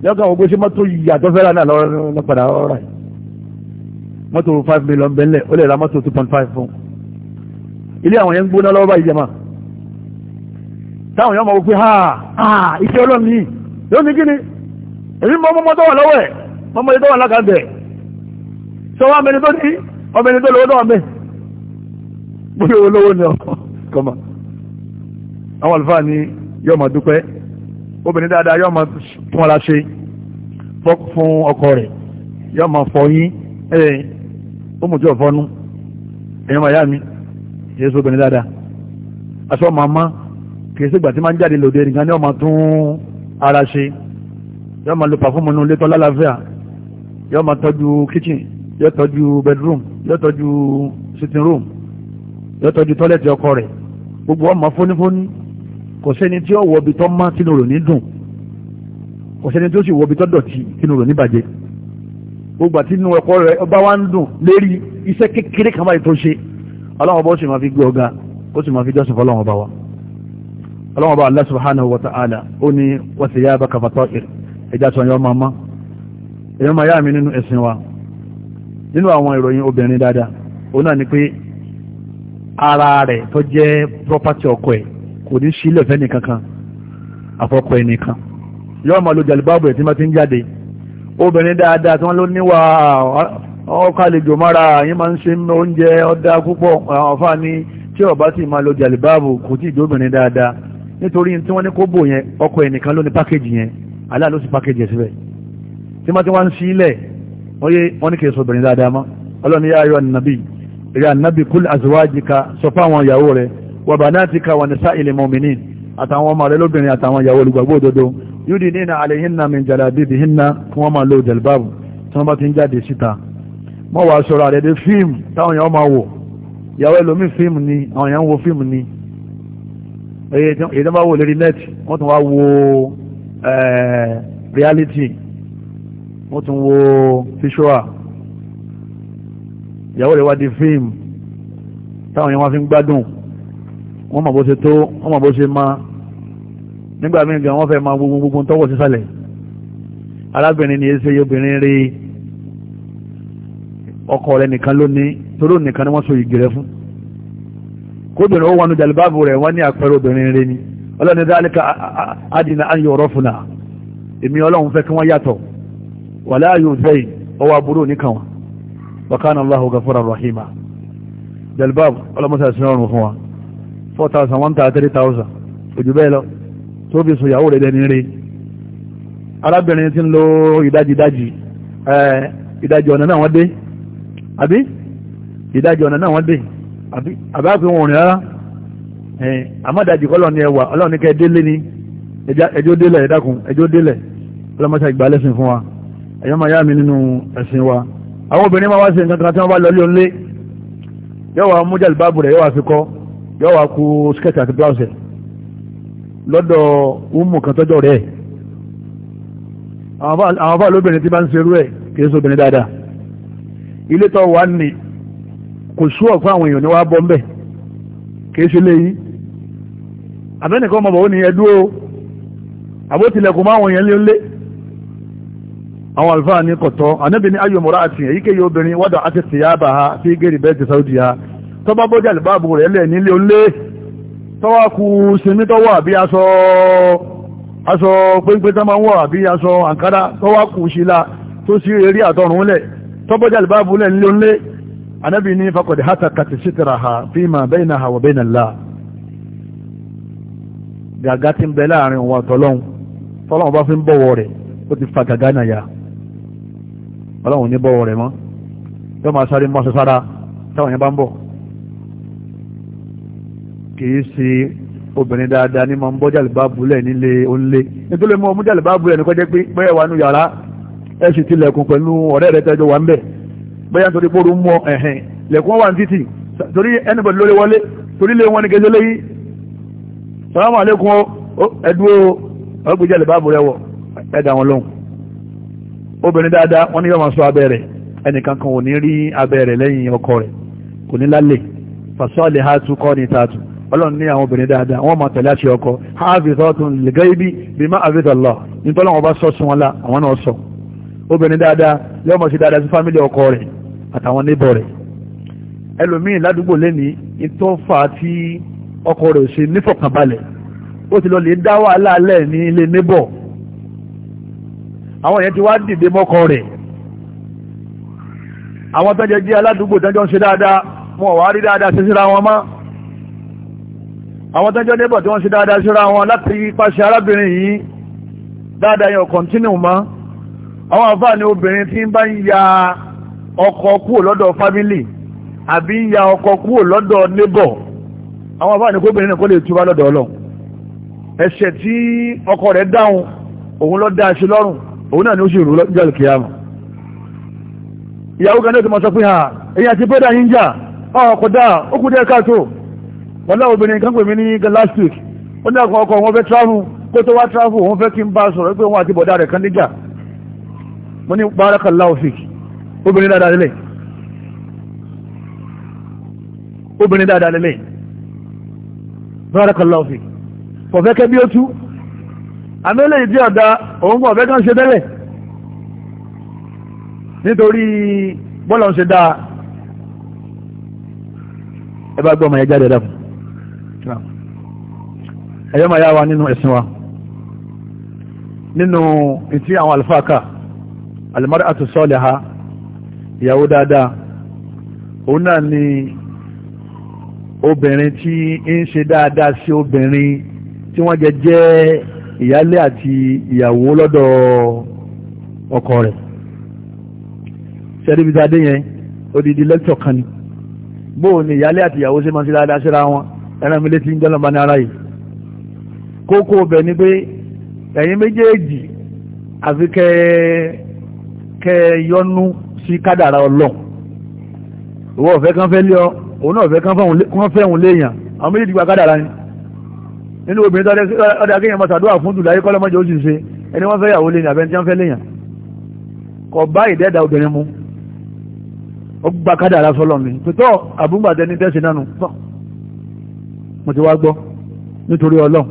lọ́kàn ògbó sí mọ́tò yàtọ̀ fẹ́ra náà lọ́pàdà ọ̀rọ̀ yìí mọ́tò five million bẹ́ńlẹ̀ ó lè ra mọ́tò two point five fún ilé àwọn yẹn ń gbóná lọ́wọ́ báyìí jẹ́mà táwọn yẹn mọ̀ wípé ha ha iṣẹ́ ọlọ́run yìí yóò ní kíni èmi mọ́ mọ́mọ́ tó wà lọ́wọ́ ẹ̀ mọ́mọ́ yẹn tó wà lákàndẹ̀ sọ wá mẹni tó ní ọmọ ẹni tó lówó náà mẹ́ bóyá olówó ni ọ kọ́mọ́ àwọn àlùfáà ni yóò máa dúpẹ́ obìnrin dáadáa yóò máa tún ara ṣe fún ọkọ rẹ̀ yóò máa fọyín ẹ̀ ó mú tí fọnú ẹ̀yìn máa yá mi kìí sí obìnrin dáadáa aṣọ màmá kìí sí ìgbà tí máa ń jáde lòdì nìkan ni yóò tún ara ṣe yóò máa lo pàfúmù inú ilé tó lálàáfíà yóò máa tọ́jú kitchen yóò tọ́jú bedroom yóò tọ́jú sitting room yóò tọ́jú tọ́lẹ̀tì ọkọ rẹ̀ gbogbo ọmọ fónífóní kò sẹ́ni tí ó wọ ibi tó mọ́ tínú rò ní dùn kò sẹ́ni tí ó sì wọ ibi tó dọ̀tí tínú rò ní bàjẹ́ gbogbo àti inú ẹ̀kọ́ rẹ̀ ọba wa ń dùn lérí iṣẹ́ kékeré kan báyìí tó ṣe ọlọ́wọ́n ó sì máa fi gbé ọ̀gá ó sì máa fi jọ́sìn fọlọ́wọ́n bá wa ọlọ́wọ́n bá Allah subhanahu wa ta'ala ó ní wa thiyabaka fatahhir ẹja sọ yọ máa má èèyàn máa yá mi nínú ẹ̀sìn wa nínú àwọn ìròyìn obìnrin dáadáa òun náà ni pé ara rẹ̀ tó jẹ́ property ọkọ ẹ̀ kò ní sílẹ̀ fẹ́ni kankan àfọkọ ẹnìkan yóò máa lo jàlùbáàbù ẹ̀ tí wọ́n ti ń jáde obìnrin dáadáa tí wọ́n ló níwà ọkàlejò mára yín máa ń ṣe oúnjẹ ọ̀dà púpọ̀ ọ̀fà ni tí ọba sì máa lo jàlùbáàbù kò tí ìdóbìnrin dáadáa nítorí tí wọ́n ní kó bò yẹn ọkọ ẹnìkan ló ní pákéjì yẹn aláà ló sì pákéjì ẹ̀ síbẹ̀ tí wọ́n ti wá ń sílẹ̀ wọ́n ní kì í sọ obìnrin dáadáa mọ́ ọlọ́run yá ayọ̀ ànàbì ìrẹ́ ànàbì kúl àzíwájì ka sọ fáwọn ìyàwó rẹ̀ wa banatika wa nisa'il mu'minin àtàwọn ọmọ rẹ̀ lóbìnrin àtàwọn ìyàwó olùgbàgbọ́ òdodo yudinina alayhinna min jalabibihinna kí wọ́n máa lo jẹ̀lbáàbù tí wọ́n bá ti ń jáde síta mọ́ wàá sọ̀rọ̀ film fíìmù táwọn èèyàn máa wò ìyàwó ẹlòmí fíìmù ni àwọn èèyàn wo fíìmù ni èyí tó bá wò le net wọ́n tún wá wo eh, reality wọ́n tún wo visual ìyàwó rẹ̀ wá di fíìmù táwọn èèyàn wá fi ń gbádùn wọ́n mọ̀ bó ṣe tó wọ́n mọ̀ bó ṣe máa nígbà míì gan wọ́n fẹ́ máa gbogbo gbogbo tọ́wọ́ sísàlẹ̀ arábìnrin ni ẹsẹ̀ obìnrin rí ọkọ rẹ̀ nìkan lónìí toró nìkan ni wọ́n so ìgì rẹ̀ fún kóbìnrin ó wọnú jàlùbáàbù rẹ̀ wọ́n ní àpẹẹrẹ obìnrin rí ni ọlọ́ni dáálíkà adìnà ayò ọ̀rọ̀ fúnà èmi ọlọ́run fẹ́ kí wọ́n yàtọ̀ wà láàyò zẹ́yì ọwọ́ aburú nìkan wọn wa kana Allahu ghafura rahima jàlùbáàbù ọlọ́mọsàsìn ọrùn fún wa four thousand one thousand three thousand ojú bẹ́ẹ̀ lọ tó fi sùn ìyàwó rẹ̀ dẹni rí arábìnrin ti ń lo ìdajì ìdajì ìdajì ọ̀nà náà wọ́n dé àbí ìdajì ọ̀nà náà wọ́n dé àbí àbáfi wọn ò rìn rárá àmọ́dajì kọ́ lọ́ọ̀ni ẹwà ọlọ́run kẹ́ délé ni ẹjọ́ délẹ̀ ẹ̀dákun ẹjọ́ délẹ̀ ọlọ́mọṣà ìgbà lẹ́sìn fún wa ẹ̀yọ́ máa yá mi nínú ẹ̀sìn wa àwọn obìnrin máa wá sí nǹkan tí wọ́n bá lọ lé òun lé yọ́wà yọ wá kú skirt àti blouse lọ́dọ̀ umu kan tọ́jọ́ rẹ̀ àwọn afá lóbìnrin tí bá ń serú ẹ̀ kìí sọ obìnrin dáadáa ilé tó wà ní kò sú ọ̀pọ̀ àwọn èèyàn ní wá bọ́ mbẹ̀ kìí ṣe léyìí àbẹ́nìkan ọmọ bọ̀wọ́ ni ẹdú o àbótilẹ̀kùn máwọn èèyàn lé lé àwọn àlùfáà ní kọ̀tọ́ anábìnrin ayọ̀mọ̀ra àti èyíkéyìí obìnrin wádà àti tìyàbà ha sí gèrè bẹ́ẹ̀ ti sáwùdì tó bá bọ́jà lùbáàbù rẹ̀ lẹ̀ nílé olé tọ́wọ́ kú sinmi tọ́wọ́ àbí aṣọ aṣọ péńpé tó máa ń wọ̀ àbí aṣọ àǹkárá tọ́wọ́ kú síla tó sí eré àtọrùn lẹ̀ tó bọ́jà lùbáàbù lẹ̀ nílé olé anábì ní fakọ̀dé hátà kàtì sítìrà ha fi mà bẹ́ẹ̀nà ha wà na là gàgá ti ń bẹ láàrin wọn tọ́lọ́hún tọ́lọ́hún bá fi ń bọ̀wọ̀ rẹ̀ ó ti fa gàgá nàyà ọlọ́hún ní bọ̀wọ̀ rẹ̀ mọ́ yóò máa sáré mọ́ sọ sára táwọn yẹn bá ń bọ̀ kìí ṣe obìnrin dáadáa ní máa ń bọ́ jàlùbáàbù lẹ̀ nílé onílé nítorí mọ́ ọmú jàlùbáàbù lẹ̀ ní kọjá pé bẹ́ẹ̀ wà nù yàrá ẹ̀ sì ti lẹ̀kùn pẹ̀lú ọ̀rẹ́ rẹ̀ tẹ́jọ wà ń bẹ̀ bẹ́ẹ̀ nítorí pé orun mọ́ ẹ̀hìn lẹ̀kùn wà ní títì torí ẹnìbọ̀dì lórí wọlé torí lé wọn ní gẹ́gẹ́ lẹ́yìn salamu aleykum ẹdúró ọgbẹ́ jàlùbáàbù rẹ̀ wọ̀ ẹ̀dà wọn lóhùn obìnrin dáadáa wọ́n ní yọ máa sọ abẹ́rẹ̀ ẹnìkan kan ò ní rí abẹ́rẹ̀ lẹ́yìn ọkọ rẹ̀ kò ní lálẹ́ fàṣọ́ àlè hàtú kọ́ ní tààtù ọlọ́run ní àwọn obìnrin dáadáa wọ́n máa tẹ̀lé àṣẹ ọkọ hafizatun lilghaibi bima hafiz Allah nítorí wọn bá sọ sí wọn la àwọn náà sọ obìnrin dáadáa yóò máa ṣe dáadáa sí fámílì ọkọ rẹ̀ àtàwọn níbọ̀ rẹ̀ ẹlòmíì ládùúgbò lẹ́ni ìtọ́ fà á tí ọkọ rẹ̀ ṣe nífọ̀kànbalẹ̀ ó ti lọ lè dá wàhálà alẹ́ ní ilé níbọ̀ àwọn yẹn ti wá dìde mọ́kọ rẹ̀ àwọn tọ́jọ́ jẹ́ aládùúgbò tọ́jọ́ ń ṣe dáadáa wọn ò wá rí dáadáa ṣe síra wọn mọ́ àwọn tọ́jọ́ débọ̀ tí wọ́n ṣe dáadáa síra wọn láti pàṣẹ arábìnrin yìí dáadáa yẹn kọ̀ntínú mọ́ àwọn àfáà ni obìnrin tí ń bá ń ya ọkọ kúrò lọ́dọ̀ fámílì àbí ń ya ọkọ kúrò lọ́dọ̀ nébọ̀ àwọn àfáà ni kóbìnrin náà kó lè túbá lọ́dọ̀ ọlọ́run ẹ̀ṣẹ̀ tí ọkọ rẹ̀ dáhùn òun ló dá aṣe lọ́rùn òun náà ni ó sì rú lọ́jọ́ ìkìyàmù ìyàwó gan wọ́n náà obìnrin kan pè mí ní last week ó ní ọkọ̀ ọkọ̀ wọn fẹ́ travel kó tó wá travel òun fẹ́ kí n bá a sọ̀rọ̀ pé òun àti bọ̀dá rẹ̀ kan níjà mo ní barakallahu fik obìnrin dáadáa lélẹ̀ obìnrin dáadáa lélẹ̀ barakallahu fik fọ̀fẹ́ kẹ́ bí ó tú àmẹ́lẹ̀ ìdí ọ̀dá òun bọ̀ fẹ́ kàn ṣe tẹ́lẹ̀ nítorí bọ́lọ̀ ń ṣe dáa ẹ bá gbọ́ ọmọ yẹn jáde dákun ẹ̀yọ́ máa yá wa nínú ẹ̀sìn wa nínú ìtí àwọn alfáàkà alimari àti sọ́ọ̀lẹ̀ ha ìyàwó dáadáa òun náà ni obìnrin tí ń ṣe dáadáa sí obìnrin tí wọ́n jẹ jẹ́ ìyálé àti ìyàwó lọ́dọ̀ ọkọ rẹ̀ ṣẹ́ríbi dáadé yẹn odidi lẹ́tọ̀ kan ni bóò ni ìyálé àti ìyàwó ṣe máa ń ṣe dáadáa síra wọn ẹran mi létí ń jẹ́ lọ́mọ ní ara yìí kókó ọbẹ̀ ni pé ẹ̀yin méjèèjì àfi kẹ́ kẹ́ yọnu sí kádàrá ọlọ́ ìwọ ọ̀fẹ́ kan fẹ́ lé ọ òun náà ọ̀fẹ́ kan fẹ́ òun léèyàn àwọn méjèèjì gba kádàrá ni nínú obìnrin tọ́dẹ akéèyàn máa ṣàdúrà fún jùlọ ayé kọ́lọ́mọ́jọ́ ó sì ṣe ẹni wọ́n fẹ́ yàwó léèyàn àbẹ́ni tí wọ́n fẹ́ léèyàn kọ bá ìdẹ́ẹ̀dá obìnrin mu ó gba kádàrá sọ́lọ́ mi pẹ̀tọ́ àbúgbàtẹ́ni tẹ́sí nánu tọ́ mo ti wá gbọ́ nítorí ọlọ́run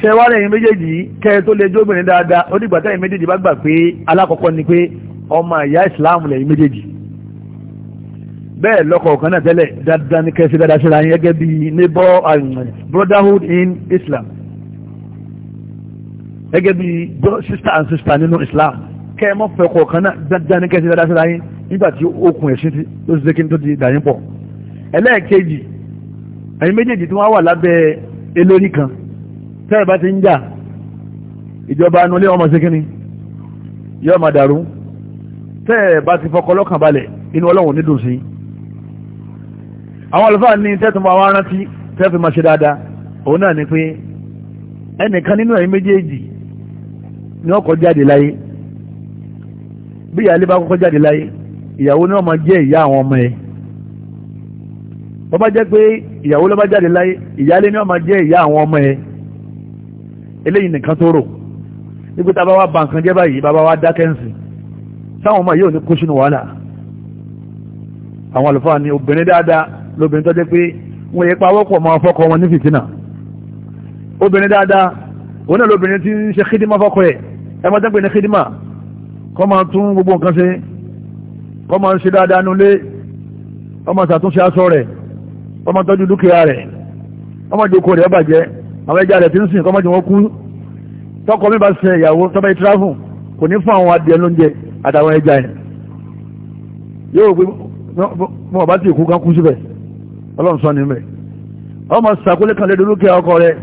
ṣe wá lẹ́yìn méjèèjì kẹ́ ẹ tó lè jóbìnrin dáadáa ó dìgbà tẹ́yìn méjèèjì bá gbà pé alákọ̀ọ́kọ́ ni pé ọmọ ìyá Islam lẹ́yìn méjèèjì bẹ́ẹ̀ lọ́kọ̀ ọ̀kan náà tẹ́lẹ̀ dáadáa ní kẹ́sí dáadáa síra yín gẹ́gẹ́ bí neighbor um, brotherhood in Islam gẹ́gẹ́ bí sister and sister nínú Islam kẹ́ ẹ mọ́ fẹ́ ọkọ̀ ọ̀kan náà dáadáa ní kẹ́sí dáadáa síra yín nígbà tí okùn ẹ̀sìn tó ti dàyín pọ̀ ẹlẹ́ẹ̀kejì ẹ̀yin méjèèjì tí wọ́n wà lábẹ́ elórí kan tẹ́rẹ̀ bá ti ń jà ìjọba anulé ọmọ sí kíní yóò máa dàrú tẹ́rẹ̀ bá ti fọkọ lọ́kàn balẹ̀ inú ọlọ́run ní dùn sí àwọn àlùfáà ní tẹ́tù máa wá tẹ́fì máa ṣe dáadáa òun náà ni pé ẹnìkan nínú ẹ̀yin méjèèjì ni ọkọ̀ jáde láyé bí ìyáálé bá kọ́kọ́ jáde láyé ìyàwó ni wọ́n máa jẹ́ ìyá àwọn ọmọ ẹ̀ wọ́n bá jẹ́ pé ìyàwó ló bá jáde láyé ìyáálé ni wọ́n máa jẹ́ ìyá àwọn ọmọ ẹ eléyìí nìkan tó rò nígbà tá bá wá ba nǹkan jẹ́ báyìí bàbá wa dákẹ́ ń sìn sáwọn ọmọ yìí ní kó sínú wàhálà àwọn àlùfáà ni obìnrin dáadáa lóbìnrin tó jẹ́ pé wọ́n yẹ pa wọ́pọ̀ máa fọ́kọ wọn ní fìtínà obìnrin dáadáa òun náà lóbìnrin ti ń ṣe kídímà fọ́kọ ẹ̀ ẹ máa tẹ́pẹ́ ní kídímà kọ́ máa tún gbogbo nǹkan ṣe kọ́ máa ṣe dáadáa nulẹ̀ kọ́ máa ṣàtúnṣe aṣọ rẹ̀ kọ́ máa tọ́jú dúkìá rẹ̀ kọ́ máa jókòó rẹ̀ bàjẹ́ àwọn ẹja rẹ̀ ti ń sìn kọ́ máa jẹ́ wọ́n kú tọkọ mi bá sin ìyàwó tọ́ba ìtìráfù kò ní fún àwọn adìẹ lóúnjẹ àtàwọn ẹja yẹn yóò gbé mọ ọba tí ìkú kan kú síbẹ̀ ọlọ́run sọ níbẹ̀ ọmọ sàkólé kan lé dúkìá ọkọ rẹ̀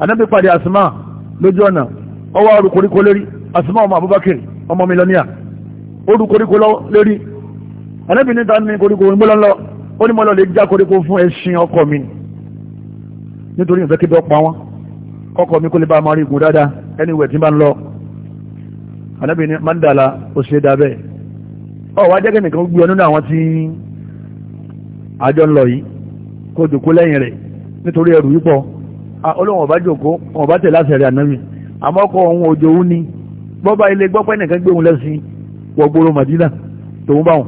anábì pàdé àsìmá lójú ọ̀nà ọwọ́ arukoríko lérí àsìmá ọmọ Abubakar ọmọ mílíọ̀nìyà orukoríko lérí anábì níta ní koríko ìmúlọ́lọ́ ó ní mọ́lọ́ lè já koríko fún ẹṣin ọkọ mi nítorí ìfẹ́ kébé ọ̀pá wọn kọ́kọ́ mi kó lè bá a máa rí igun dáadáa ẹni ìwẹ̀ tí bá ń lọ ànábì ní mandala ó ṣe dá bẹ́ẹ̀ ọ wá jẹ́ kẹ́nìkan gbé ọ nínú àwọn tí àjọ ń lọ yìí kó jòkó lẹ́yìn rẹ̀ nítorí ẹrù yípo olóhùn ọba jòkó ọba tẹ̀ láti ẹ̀rẹ̀ ànábì àmọ́ ọkọ̀ òun òjò òun ni bọ́ba ilé gbọ́pẹ́ nìkan gbé òun lẹ́sìn wọ gbòòrò Madina tòun báwọn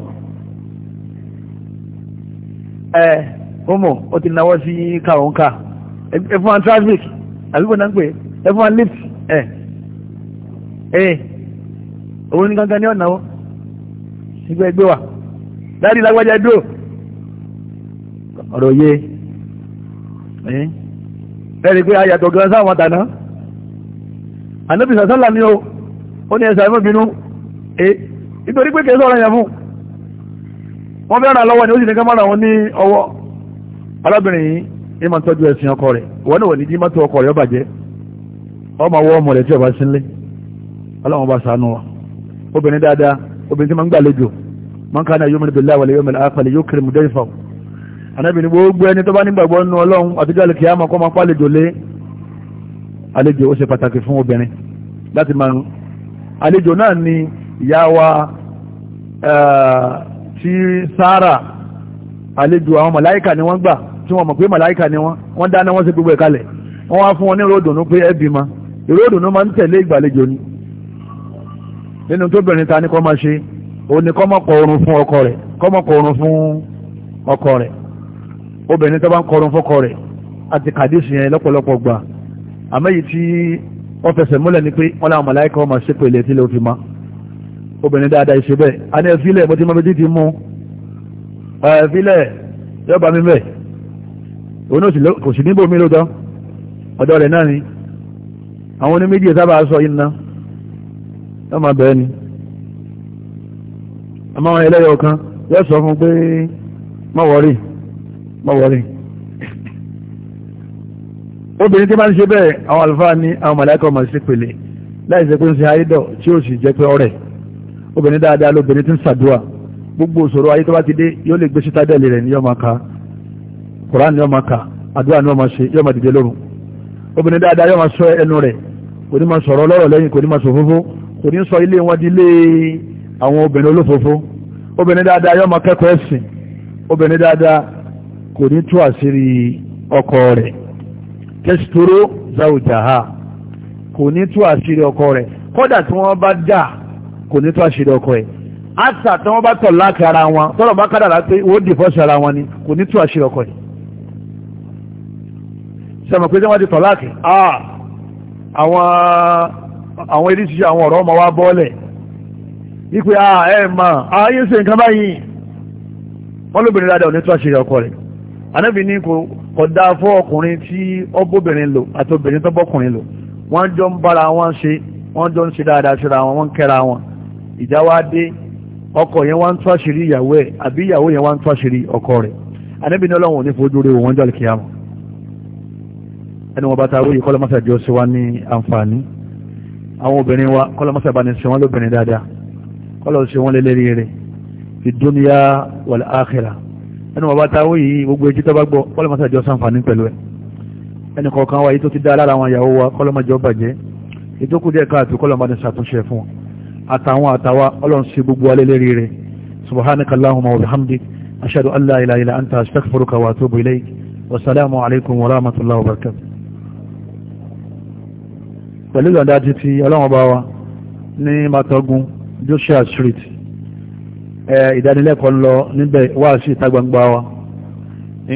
ẹ ọmọ ó ti náwọ́ sí kàrọ̀ǹkà ẹfún wọn traffic àbíkò náà ń pè ẹfún wọn lift ẹ ẹ owó ní kankan ní ọ̀nà ó ẹgbẹ́ wa dáàdì lágbájá dúró ọ̀rọ̀ yé ẹ̀rí pé ayàtọ̀ gan sáwọn tàná ànábìsà sálà ni ó ó ní ẹ nítorí pé kẹsàn-án yẹn fún wọ́n fẹ́ ràn lọ́wọ́ ni ó sì ní ká má ra wọn ní ọwọ́ arábìnrin yìí ní máa tọ́jú ẹ̀sìn ọkọ rẹ̀ wọ́n náà wọ̀ ní dímọ́tò ọkọ rẹ̀ ó bàjẹ́ ọmọ ọwọ́ ọmọ rẹ̀ tí ọba sínlé ọlọ́run bá ṣàánú wa obìnrin dáadáa obìnrin tí máa ń gbàlejò máa ń ká náà yu'minu billahi wal yawmil akhir yukrim dayfahu anábìnrin gbogbo ẹni tó bá nígbàgbọ́ nínú ọlọ́run àtijọ́ àlèkè àmọ́ kọ́ máa pàlejò lé ni ìyá tí Sárà àlejò àwọn màláìkà ni wọ́n gbà tí wọ́n mọ̀ pé màláìkà ni wọ́n wọ́n dáná wọ́n sí gbogbo ẹ̀kalẹ̀ wọ́n wá fún wọn ní ròdùnú pé ẹbí ma ìròdùnú máa ń tẹ̀lé ìgbàlejò ni nínú tó bẹ̀rẹ̀ ta ní kọ́ máa ṣe òun ni kọ́mọ̀kọ̀ orun fún ọkọ rẹ̀ kọ́mọ̀kọ̀ orun fún ọkọ rẹ̀ obìnrin tó bá ń kọrun fọ́kọ rẹ̀ àti kàdísì yẹn lọ́pọ̀lọpọ̀ gbà àmẹ́yìí tí wọ́n fẹsẹ̀ múlẹ̀ ni pé wọ́n láwọn màláìkà wọ́n máa ṣépè obìnrin dáadáa ìṣe bẹ́ẹ̀ a ní ẹ̀fílẹ̀ bó ti mọ́ méjì ti mú ẹ̀fílẹ̀ yọba mi bẹ́ẹ̀ òun kò sí níbò mi lóòótọ́ ọ̀dọ́ rẹ̀ náà ni àwọn oníméjì ẹ̀ sábà sọ iná yọọ máa bẹ̀ẹ́ ni àmọ́ àwọn ẹlẹ́yọ̀ kan yóò sọ fún pé má wọrí má wọrí obìnrin tí máa ń ṣe bẹ́ẹ̀ àwọn àlùfáà ní àwọn màláìkọ̀ máa ṣe pẹ̀lẹ́ láì ṣe pé ń ṣe àìdọ̀ tí ó sì jẹ́ pé ọ̀rẹ́ obìnrin dáadáa lóbìnrin ti ń ṣàdúrà gbogbo òṣòro ayé tó bá ti dé yóò lè gbé sítádẹ́ẹ̀lì rẹ̀ ní yọ́mọ ká koran ní yọ́mọ ká àdúrà ní yọ́mọ ṣe yọ́mọ dìde lóru obìnrin dáadáa yọ́mọ sọ ẹnu rẹ̀ kò ní máa sọ̀rọ̀ lọ́rọ̀ lẹ́yìn kò ní máa sòfófó kò ní sọ ilé wọn di ilé àwọn obìnrin olófófó obìnrin dáadáa yọ́mọ kẹ́kọ̀ọ́ ẹ̀sìn obìnrin dáadáa kò ní tú àṣírí ọkọ rẹ̀ kẹ́sìtòrò záwùjáhà kò ní tú àṣírí ọkọ rẹ̀ kódà tí wọ́n bá dáa kò ní tó àṣírí ọkọ ẹ̀ àṣà tí wọ́n bá tọ̀ láti ara wọn tọ́lọ̀ bá kádàrá pé ó dì fọ́ṣọ ara wọn ni kò ní tó àṣírí ọkọ ẹ̀ sẹ́mọ̀ pé tí wọ́n ti tọ̀ láti àwọn eré ṣiṣẹ́ àwọn ọ̀rọ̀ ọmọ wa bọ́ọ̀lẹ̀ wípé ẹ mà ayé ṣe nǹkan báyìí wọ́n lóbìnrin dáadáa ò ní tó àṣírí ọkọ rẹ̀ anábì ní kò kọ̀dá fọ́ ọkùnrin tí ọbọ̀bìnrin lò àti obìnrin tó lò wọ́n jọ ń bára wọn ṣe wọ́n jọ ń ṣe dáadáa síra wọn wọ́n kẹ́ra wọn ìjà wá dé ọkọ yẹn wá ń tó àṣírí ìyàwó ẹ̀ àbí ìyàwó yẹn wá ń tó àṣírí ọkọ rẹ̀ ànábì ní ọlọ́run ò ní fojú rẹ̀ wọ́n jọ́lẹ̀ kíyàmù ẹni wọn bá ta wí kọ́lọ́mọ́sà jọ sí wa ní àǹfààní àwọn obìnrin wa kọ́lọ́mọ́sà bá ní sí wọn lóbìnrin dáadáa kọ́lọ́ sí wọn lélẹ́rí rẹ̀ fi dúnìyà wal akhirah ẹni wọn bá ta wí gbogbo etí tó bá gbọ́ kọ́lọ́mọ́sà jọ sàǹfààní pẹ̀lú àtàwọn àtàwà ọlọ́run sí gbogbo alẹ́lẹ́rí rẹ̀ subhanaka allahumma wa bihamdik ashhadu an la ilaha illa anta astaghfiruka wa atubu ilayk wasalaamu alaykum wa rahmatullahi wa barakatuh pẹ̀lú ìlànà ti ti ọlọ́run ọba ní matogun joshua street ìdánilẹ́kọ̀ọ́ lọ níbẹ̀ wáàsí ìta gbangba